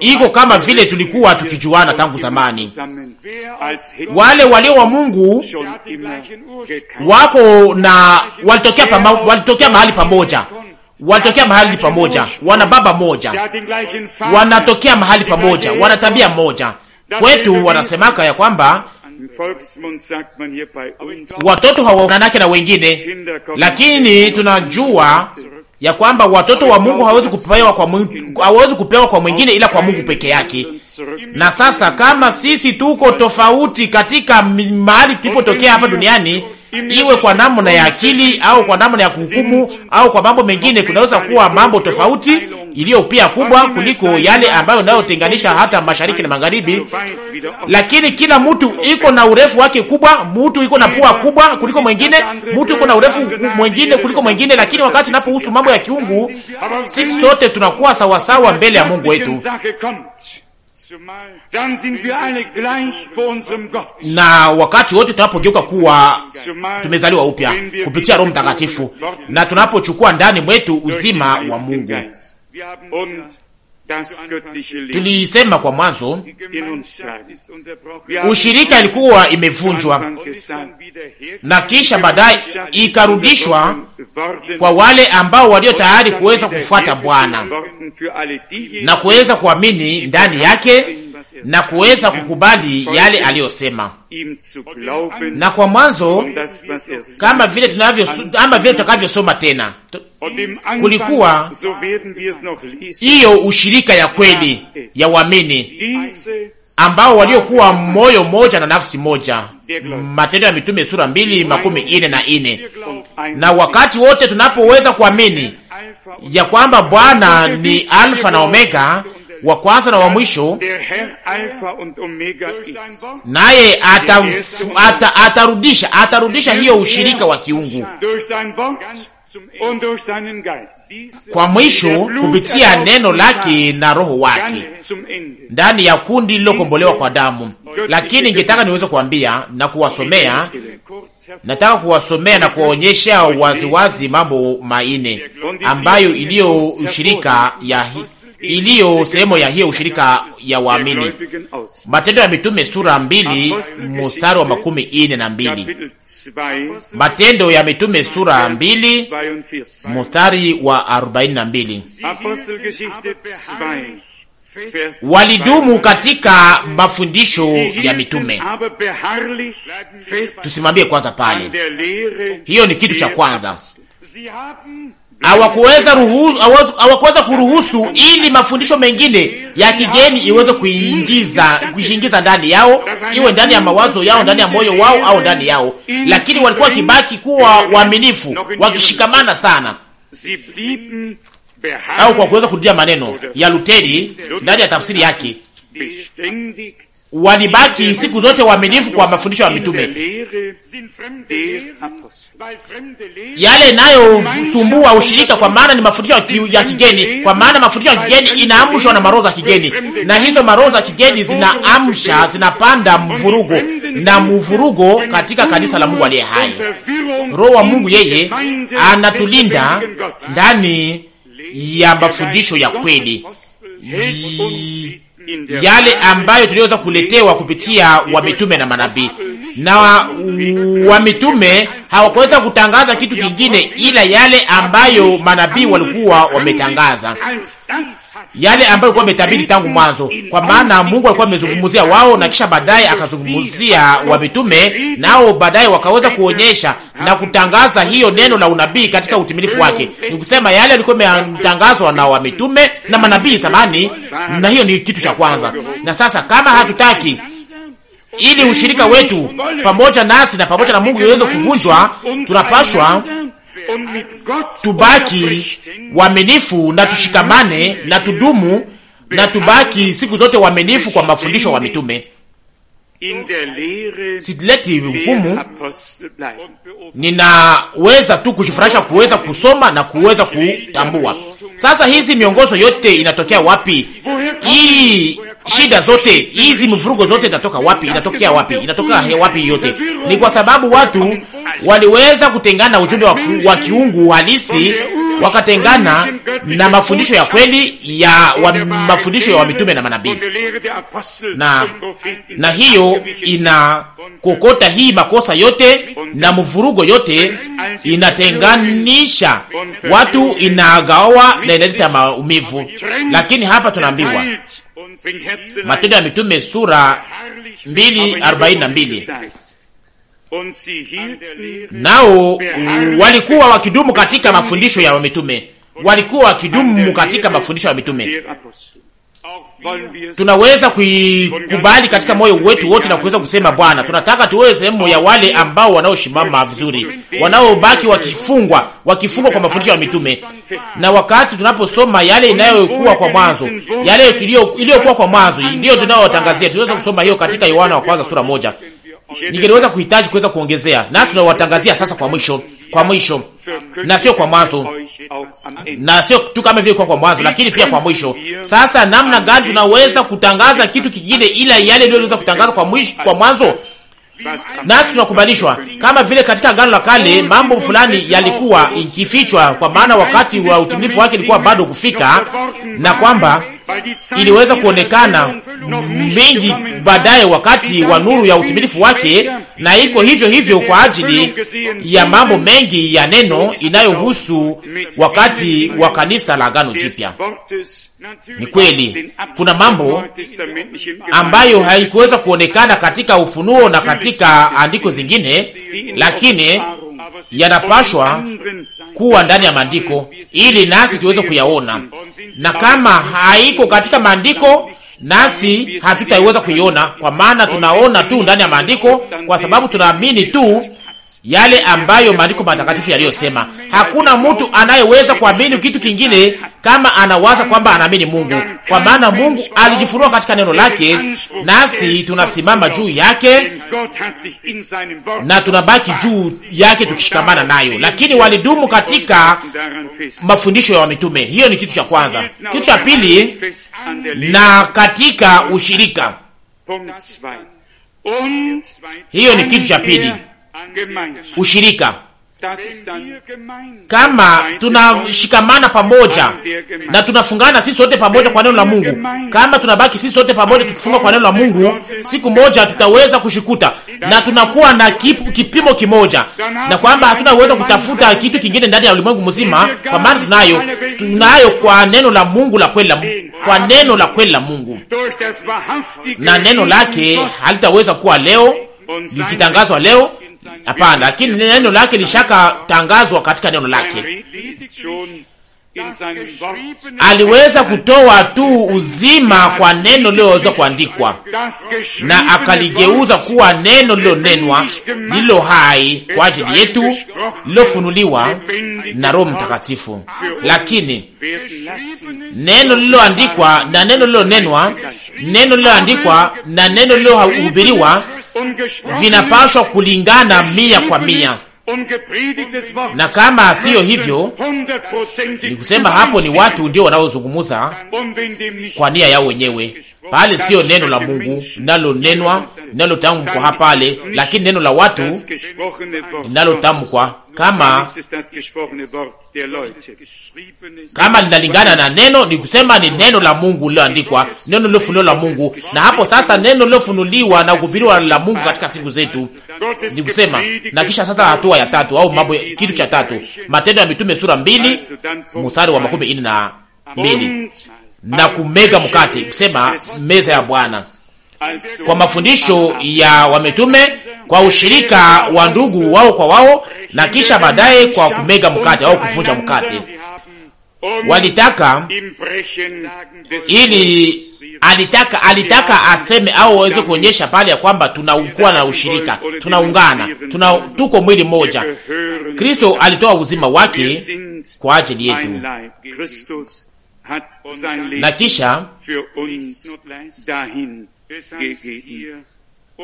iko kama vile tulikuwa tukijuana tangu zamani. Wale walio wa Mungu wako na walitokea walitokea mahali pamoja, walitokea mahali pamoja, wana baba moja, wanatokea mahali pamoja, wana tabia moja. Kwetu wanasemaka ya kwamba watoto hawaonanake na wengine, lakini tunajua ya kwamba watoto wa Mungu hawezi kupewa kwa Mungu, hawezi kupewa kwa mwingine ila kwa Mungu peke yake. Na sasa kama sisi tuko tofauti katika mahali tulipotokea hapa duniani, iwe kwa namna ya akili au kwa namna ya kuhukumu au kwa mambo mengine, kunaweza kuwa mambo tofauti iliyo pia kubwa kuliko yale ambayo inayotenganisha hata mashariki na magharibi, lakini kila mtu iko na urefu wake kubwa, mtu iko na pua kubwa kuliko mwengine, mtu iko na urefu mwengine kuliko mwengine. Lakini wakati tunapohusu mambo ya kiungu, sisi sote tunakuwa sawasawa mbele ya Mungu wetu na wakati wote tunapogeuka kuwa tumezaliwa upya kupitia Roho Mtakatifu na tunapochukua ndani mwetu uzima wa Mungu Tuliisema kwa mwanzo, ushirika ilikuwa imevunjwa na kisha baadaye ikarudishwa kwa wale ambao walio tayari kuweza kufuata Bwana na kuweza kuamini ndani yake na kuweza kukubali yale aliyosema, na kwa mwanzo kama vile tunavyo ama vile tutakavyosoma tena, kulikuwa hiyo ushirika ya kweli ya uamini ambao waliokuwa moyo moja na nafsi moja, Matendo ya Mitume sura mbili makumi ine na ine. Na wakati wote tunapoweza kuamini ya kwamba Bwana ni Alfa na Omega, wa kwanza na wa mwisho, naye atarudisha atarudisha hiyo ushirika wa kiungu kwa mwisho kupitia neno lake na roho wake ndani ya kundi lilokombolewa kwa damu. Lakini ningetaka niweze kuambia na kuwasomea, nataka kuwasomea na kuwaonyesha waziwazi mambo maine ambayo iliyo ushirika ya iliyo sehemu ya hiyo ushirika ya waamini. Matendo ya Mitume sura mbili mstari wa makumi ine na mbili. Matendo ya Mitume sura mbili mstari wa arobaini na mbili. Walidumu katika mafundisho ya mitume. Tusimambie kwanza pale, hiyo ni kitu cha kwanza hawakuweza ruhusu, hawakuweza kuruhusu ili mafundisho mengine ya kigeni iweze kuingiza kuishingiza ndani yao, iwe ndani ya mawazo yao, ndani ya moyo wao au ndani yao, lakini walikuwa wakibaki kuwa waaminifu, wakishikamana sana au kwa kuweza kurudia maneno ya Luteri ndani ya tafsiri yake walibaki siku zote waaminifu kwa mafundisho ya mitume. Yale inayosumbua ushirika, kwa maana ni mafundisho ya kigeni, kwa maana mafundisho ya kigeni inaamshwa na maroho za kigeni, na hizo maroho za kigeni zinaamsha, zinapanda mvurugo na mvurugo katika kanisa la Mungu aliye hai. Roho wa Mungu yeye anatulinda ndani ya mafundisho ya kweli yale ambayo tuliweza kuletewa kupitia wamitume na manabii. Na wamitume hawakuweza kutangaza kitu kingine ila yale ambayo manabii walikuwa wametangaza yale ambayo alikuwa ametabiri tangu mwanzo, kwa maana Mungu alikuwa amezungumzia wao na kisha baadaye akazungumzia wamitume, nao baadaye wakaweza kuonyesha na kutangaza hiyo neno la unabii katika utimilifu wake. Ni kusema yale alikuwa ametangazwa na wamitume na manabii zamani, na hiyo ni kitu cha kwanza. Na sasa kama hatutaki ili ushirika wetu pamoja nasi na pamoja na Mungu iweze kuvunjwa, tunapashwa tubaki waaminifu na tushikamane na tudumu na tubaki siku zote waaminifu kwa mafundisho wa mitume sileti hukumu, ninaweza tu kujifurahisha kuweza kusoma na kuweza kutambua. Sasa hizi miongozo yote inatokea wapi? Hii shida zote hizi mvurugo zote zinatoka wapi? Inatokea wapi? Inatoka wapi? Yote ni kwa sababu watu waliweza kutengana ujumbe wa, wa kiungu halisi wakatengana na mafundisho ya kweli ya wa mafundisho ya wamitume na manabii, na na hiyo inakokota hii makosa yote na mvurugo yote, inatenganisha watu, inagawa na inaleta maumivu. Lakini hapa tunaambiwa Matendo ya Mitume sura nao mm, walikuwa wakidumu katika mafundisho ya mitume, walikuwa wakidumu katika mafundisho ya mitume. Tunaweza kuikubali katika moyo wetu wote na kuweza kusema Bwana, tunataka tuwe sehemu ya wale ambao wanaoshimama vizuri, wanaobaki wakifungwa, wakifungwa kwa mafundisho ya mitume. Na wakati tunaposoma yale inayokuwa kwa mwanzo, yale iliyokuwa kwa mwanzo, ndiyo tunayotangazia. Tunaweza kusoma hiyo katika Yohana wa kwanza sura moja ningeliweza kuhitaji kuweza kuongezea, na tunawatangazia sasa kwa mwisho, kwa mwisho na sio kwa mwanzo, na sio tu kama vile kwa kwa mwanzo, lakini pia kwa mwisho. Sasa namna gani tunaweza kutangaza kitu kingine ila yale ndio tunaweza kutangaza kwa mwisho, kwa mwanzo? nasi tunakubalishwa kama vile katika Agano la Kale mambo fulani yalikuwa ikifichwa, kwa maana wakati wa utimilifu wake ilikuwa bado kufika, na kwamba iliweza kuonekana mingi baadaye wakati wa nuru ya utimilifu wake, na iko hivyo hivyo kwa ajili ya mambo mengi ya neno inayohusu wakati wa kanisa la Agano Jipya. Ni kweli kuna mambo ambayo haikuweza kuonekana katika Ufunuo na katika andiko zingine, lakini yanapashwa kuwa ndani ya maandiko ili nasi tuweze kuyaona, na kama haiko katika maandiko nasi hatutaiweza kuiona, kwa maana tunaona tu ndani ya maandiko, kwa sababu tunaamini tu yale ambayo maandiko matakatifu yaliyosema. Hakuna mtu anayeweza kuamini kitu kingine kama anawaza kwamba anaamini Mungu, kwa maana Mungu alijifunua katika neno lake, nasi tunasimama juu yake na tunabaki juu yake tukishikamana nayo. Lakini walidumu katika mafundisho ya mitume. Hiyo ni kitu cha kwanza. Kitu cha pili, na katika ushirika. Hiyo ni kitu cha pili ushirika kama tunashikamana pamoja na tunafungana sisi sote pamoja kwa neno la Mungu, kama tunabaki sisi sote pamoja tukifunga kwa neno la Mungu, siku moja tutaweza kushikuta na tunakuwa na kip, kipimo kimoja, na kwamba hatuna uwezo kutafuta kitu kingine ndani ya ulimwengu mzima, kwa maana tunayo tunayo kwa neno la Mungu la kweli, kwa neno la kweli la Mungu, na neno lake halitaweza kuwa leo likitangazwa leo Hapana, lakini neno lake lishaka tangazwa katika neno lake aliweza kutoa tu uzima kwa neno liloweza kuandikwa na akaligeuza kuwa neno lilonenwa lilo hai kwa ajili yetu, lilofunuliwa na Roho Mtakatifu. Lakini neno liloandikwa na neno lilonenwa, neno liloandikwa na neno lilohubiriwa vinapaswa kulingana mia kwa mia na kama siyo hivyo, ni kusema hapo ni watu ndio wanaozungumuza kwa nia yao wenyewe pale, siyo neno la Mungu linalonenwa linalotamkwa hapa pale, lakini neno la watu linalotamkwa kama kama linalingana na neno, ni kusema ni neno la Mungu liloandikwa, neno lilofunuliwa la Mungu. Na hapo sasa neno lilofunuliwa na kuhubiriwa la Mungu katika siku zetu ni kusema. Na kisha sasa hatua ya tatu au mambo kitu cha tatu, Matendo ya Mitume sura mbili mstari wa makumi ine na mbili na kumega mkate kusema meza ya Bwana kwa mafundisho ya wametume kwa ushirika wa ndugu wao kwa wao, na kisha baadaye kwa kumega mkate au kuvunja mkate. Walitaka ili alitaka alitaka aseme au aweze kuonyesha pale ya kwamba tunakuwa na ushirika, tunaungana, tuna tuko mwili moja Kristo alitoa uzima wake kwa ajili yetu, na kisha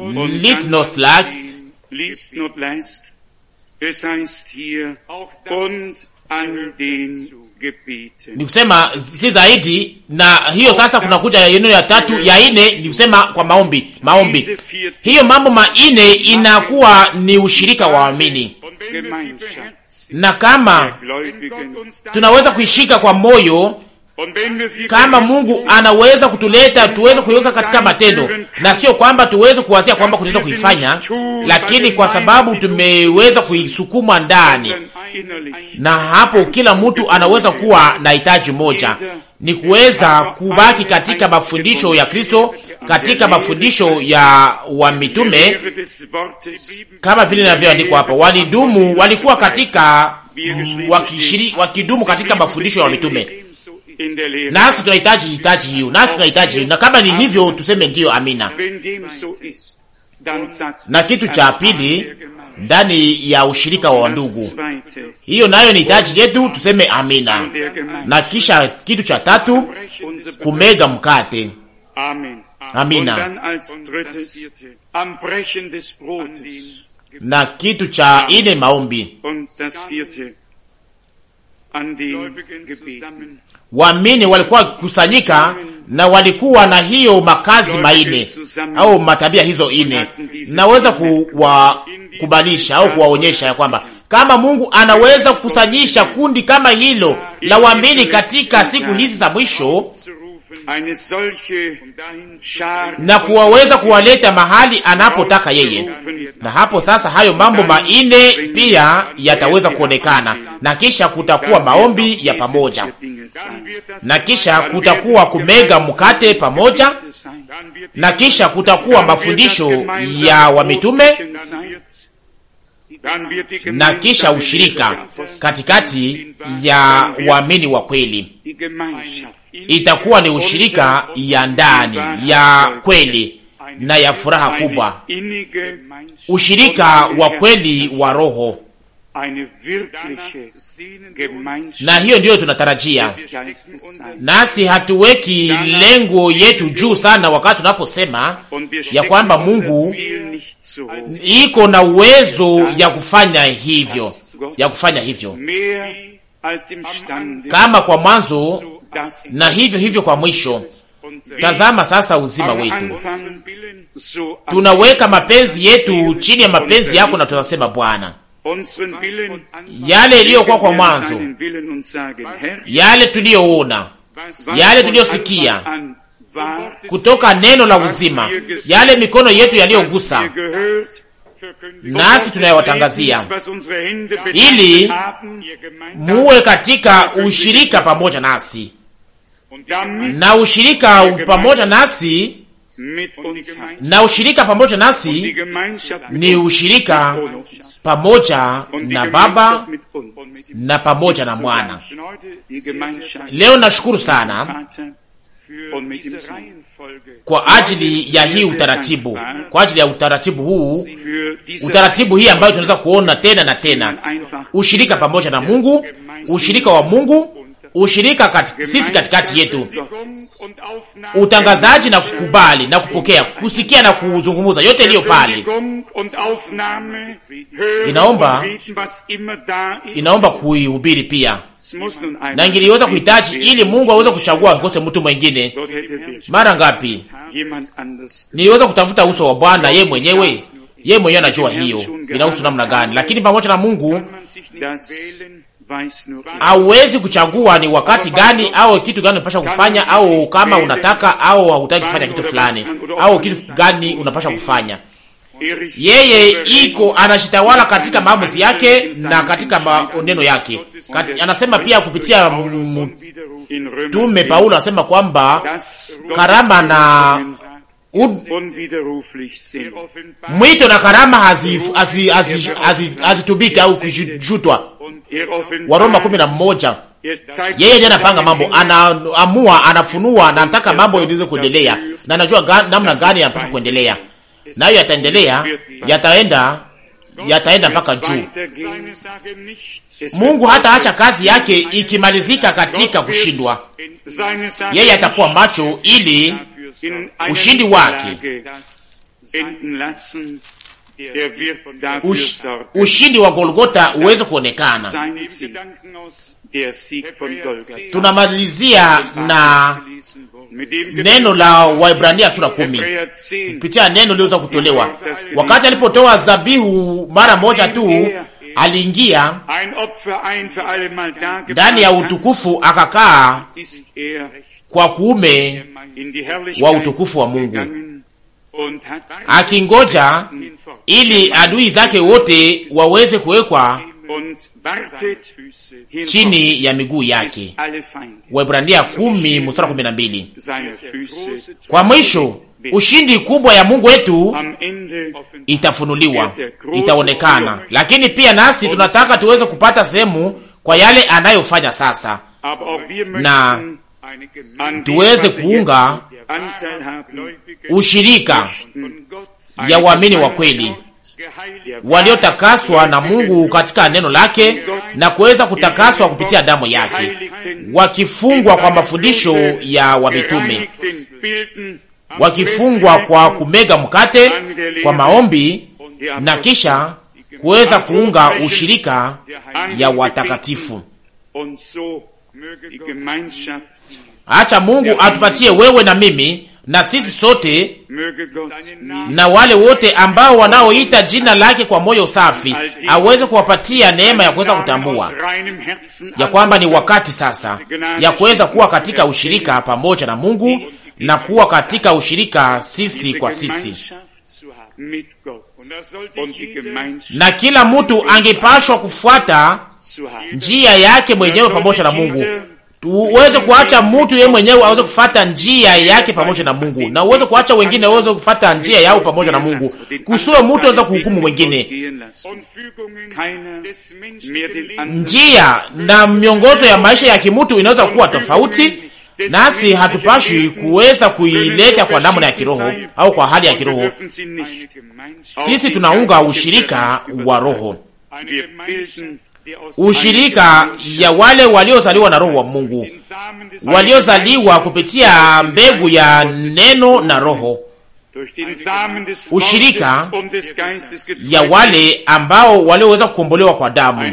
mm. den ni kusema si zaidi. Na hiyo sasa kuja yeneno ya tatu ya ine, ni kusema kwa maombi. Maombi hiyo mambo maine inakuwa ni ushirika wa waamini, na kama tunaweza kuishika kwa moyo kama Mungu anaweza kutuleta tuweze kuiweka katika matendo, na sio kwamba tuweze kuwazia kwamba tunaweza kuifanya, lakini kwa sababu tumeweza kuisukuma ndani, na hapo kila mtu anaweza kuwa na hitaji moja, ni kuweza kubaki katika mafundisho ya Kristo, katika mafundisho ya wa mitume, kama vile inavyoandikwa hapa walidumu, walikuwa katika wakishiri, wakidumu katika mafundisho ya mitume. Nasi tunahitaji hitaji hiyo, nasi tunahitaji hiyo, na kama ni hivyo tuseme ndiyo, amina. Na kitu cha pili ndani ya ushirika wa ndugu, hiyo nayo ni hitaji yetu, tuseme amina. Na kisha kitu cha tatu kumega mkate, amina na kitu cha ine maombi. Waamini walikuwa kusanyika na walikuwa na hiyo makazi maine au matabia hizo ine. Naweza kuwakubalisha au kuwaonyesha ya kwamba kama Mungu anaweza kukusanyisha kundi kama hilo la waamini katika siku hizi za mwisho na kuwaweza kuwaleta mahali anapotaka yeye. Na hapo sasa, hayo mambo manne pia yataweza kuonekana, na kisha kutakuwa maombi ya pamoja, na kisha kutakuwa kumega mkate pamoja, na kisha kutakuwa mafundisho ya wamitume na kisha ushirika katikati ya waamini wa kweli itakuwa ni ushirika ya ndani ya kweli na ya furaha kubwa, ushirika wa kweli wa Roho, na hiyo ndiyo tunatarajia. Nasi hatuweki lengo yetu juu sana wakati tunaposema ya kwamba Mungu iko na uwezo ya kufanya hivyo, ya kufanya hivyo kama kwa mwanzo na hivyo hivyo kwa mwisho. Tazama sasa uzima wetu, tunaweka mapenzi yetu chini ya mapenzi yako, na tunasema Bwana, yale iliyokuwa kwa mwanzo, yale tuliyoona, yale tuliyosikia kutoka neno la uzima, yale mikono yetu yaliyogusa nasi tunayowatangazia, ili muwe katika ushirika pamoja nasi, na ushirika pamoja nasi na ushirika pamoja nasi ni ushirika pamoja na Baba na pamoja na Mwana. Leo nashukuru sana kwa ajili ya hii utaratibu, kwa ajili ya utaratibu huu, utaratibu hii ambayo tunaweza kuona tena na tena, ushirika pamoja na Mungu, ushirika wa Mungu ushirika kati, sisi katikati yetu, utangazaji na kukubali na kupokea, kusikia na kuzungumza, yote iliyo pale inaomba inaomba kuihubiri pia, na ingiliweza kuhitaji ili Mungu aweze kuchagua kose mtu mwengine. Mara ngapi niliweza kutafuta uso wa Bwana ye mwenyewe, ye mwenyewe anajua hiyo inahusu namna gani, lakini pamoja na Mungu hauwezi kuchagua ni wakati gani au kitu gani unapasha kufanya, au kama unataka au hautaki kufanya kitu fulani, au kitu gani unapasha kufanya. Yeye iko anashitawala katika maamuzi yake na katika maneno yake. Kat, anasema pia kupitia mtume Paulo anasema kwamba karama na mwito na karama hazitubiki hazi, hazi, hazi, hazi au kujutwa Waroma kumi na moja. Yeye ndiye anapanga mambo, anaamua, anafunua na anataka mambo iliweze kuendelea, na anajua namna gani yanapaswa kuendelea, nayo yataendelea, yataenda, yataenda mpaka juu. Mungu hata acha kazi yake ikimalizika katika kushindwa, yeye atakuwa macho ili ushindi wake ushindi wa Golgota uweze kuonekana. Tunamalizia na neno la Waibrania sura kumi kupitia neno liweza kutolewa. Wakati alipotoa zabihu mara moja tu, aliingia ndani ya utukufu, akakaa er kwa kuume wa utukufu wa Mungu akingoja ili adui zake wote waweze kuwekwa chini ya miguu yake. Waebrania kumi mstari kumi na mbili. Kwa mwisho ushindi kubwa ya Mungu wetu itafunuliwa, itaonekana. Lakini pia nasi tunataka tuweze kupata sehemu kwa yale anayofanya sasa, na tuweze kuunga ushirika ya waamini wa kweli waliotakaswa na Mungu katika neno lake na kuweza kutakaswa kupitia damu yake, wakifungwa kwa mafundisho ya wamitume, wakifungwa kwa kumega mkate, kwa maombi na kisha kuweza kuunga ushirika ya watakatifu. Acha Mungu atupatie wewe na mimi na sisi sote na wale wote ambao wanaoita jina lake kwa moyo safi, aweze kuwapatia neema ya kuweza kutambua ya kwamba ni wakati sasa ya kuweza kuwa katika ushirika pamoja na Mungu na kuwa katika ushirika sisi kwa sisi, na kila mtu angepashwa kufuata njia yake mwenyewe pamoja na Mungu uweze kuacha mtu yeye mwenyewe aweze kufata njia yake pamoja na Mungu, na uweze kuacha wengine waweze kufata njia yao pamoja na Mungu, kusura mtu aweze kuhukumu mwengine. Njia na miongozo ya maisha ya kimtu inaweza kuwa tofauti, nasi hatupashi kuweza kuileta kwa namna ya kiroho au kwa hali ya kiroho. Sisi tunaunga ushirika wa roho ushirika ya wale waliozaliwa na Roho wa Mungu, waliozaliwa kupitia mbegu ya neno na Roho, ushirika ya wale ambao walioweza kukombolewa kwa damu.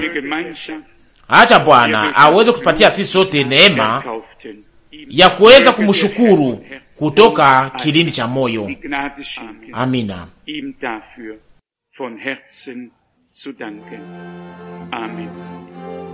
Acha Bwana aweze kutupatia sisi sote neema ya kuweza kumshukuru kutoka kilindi cha moyo. Amina. zu danken. Amen.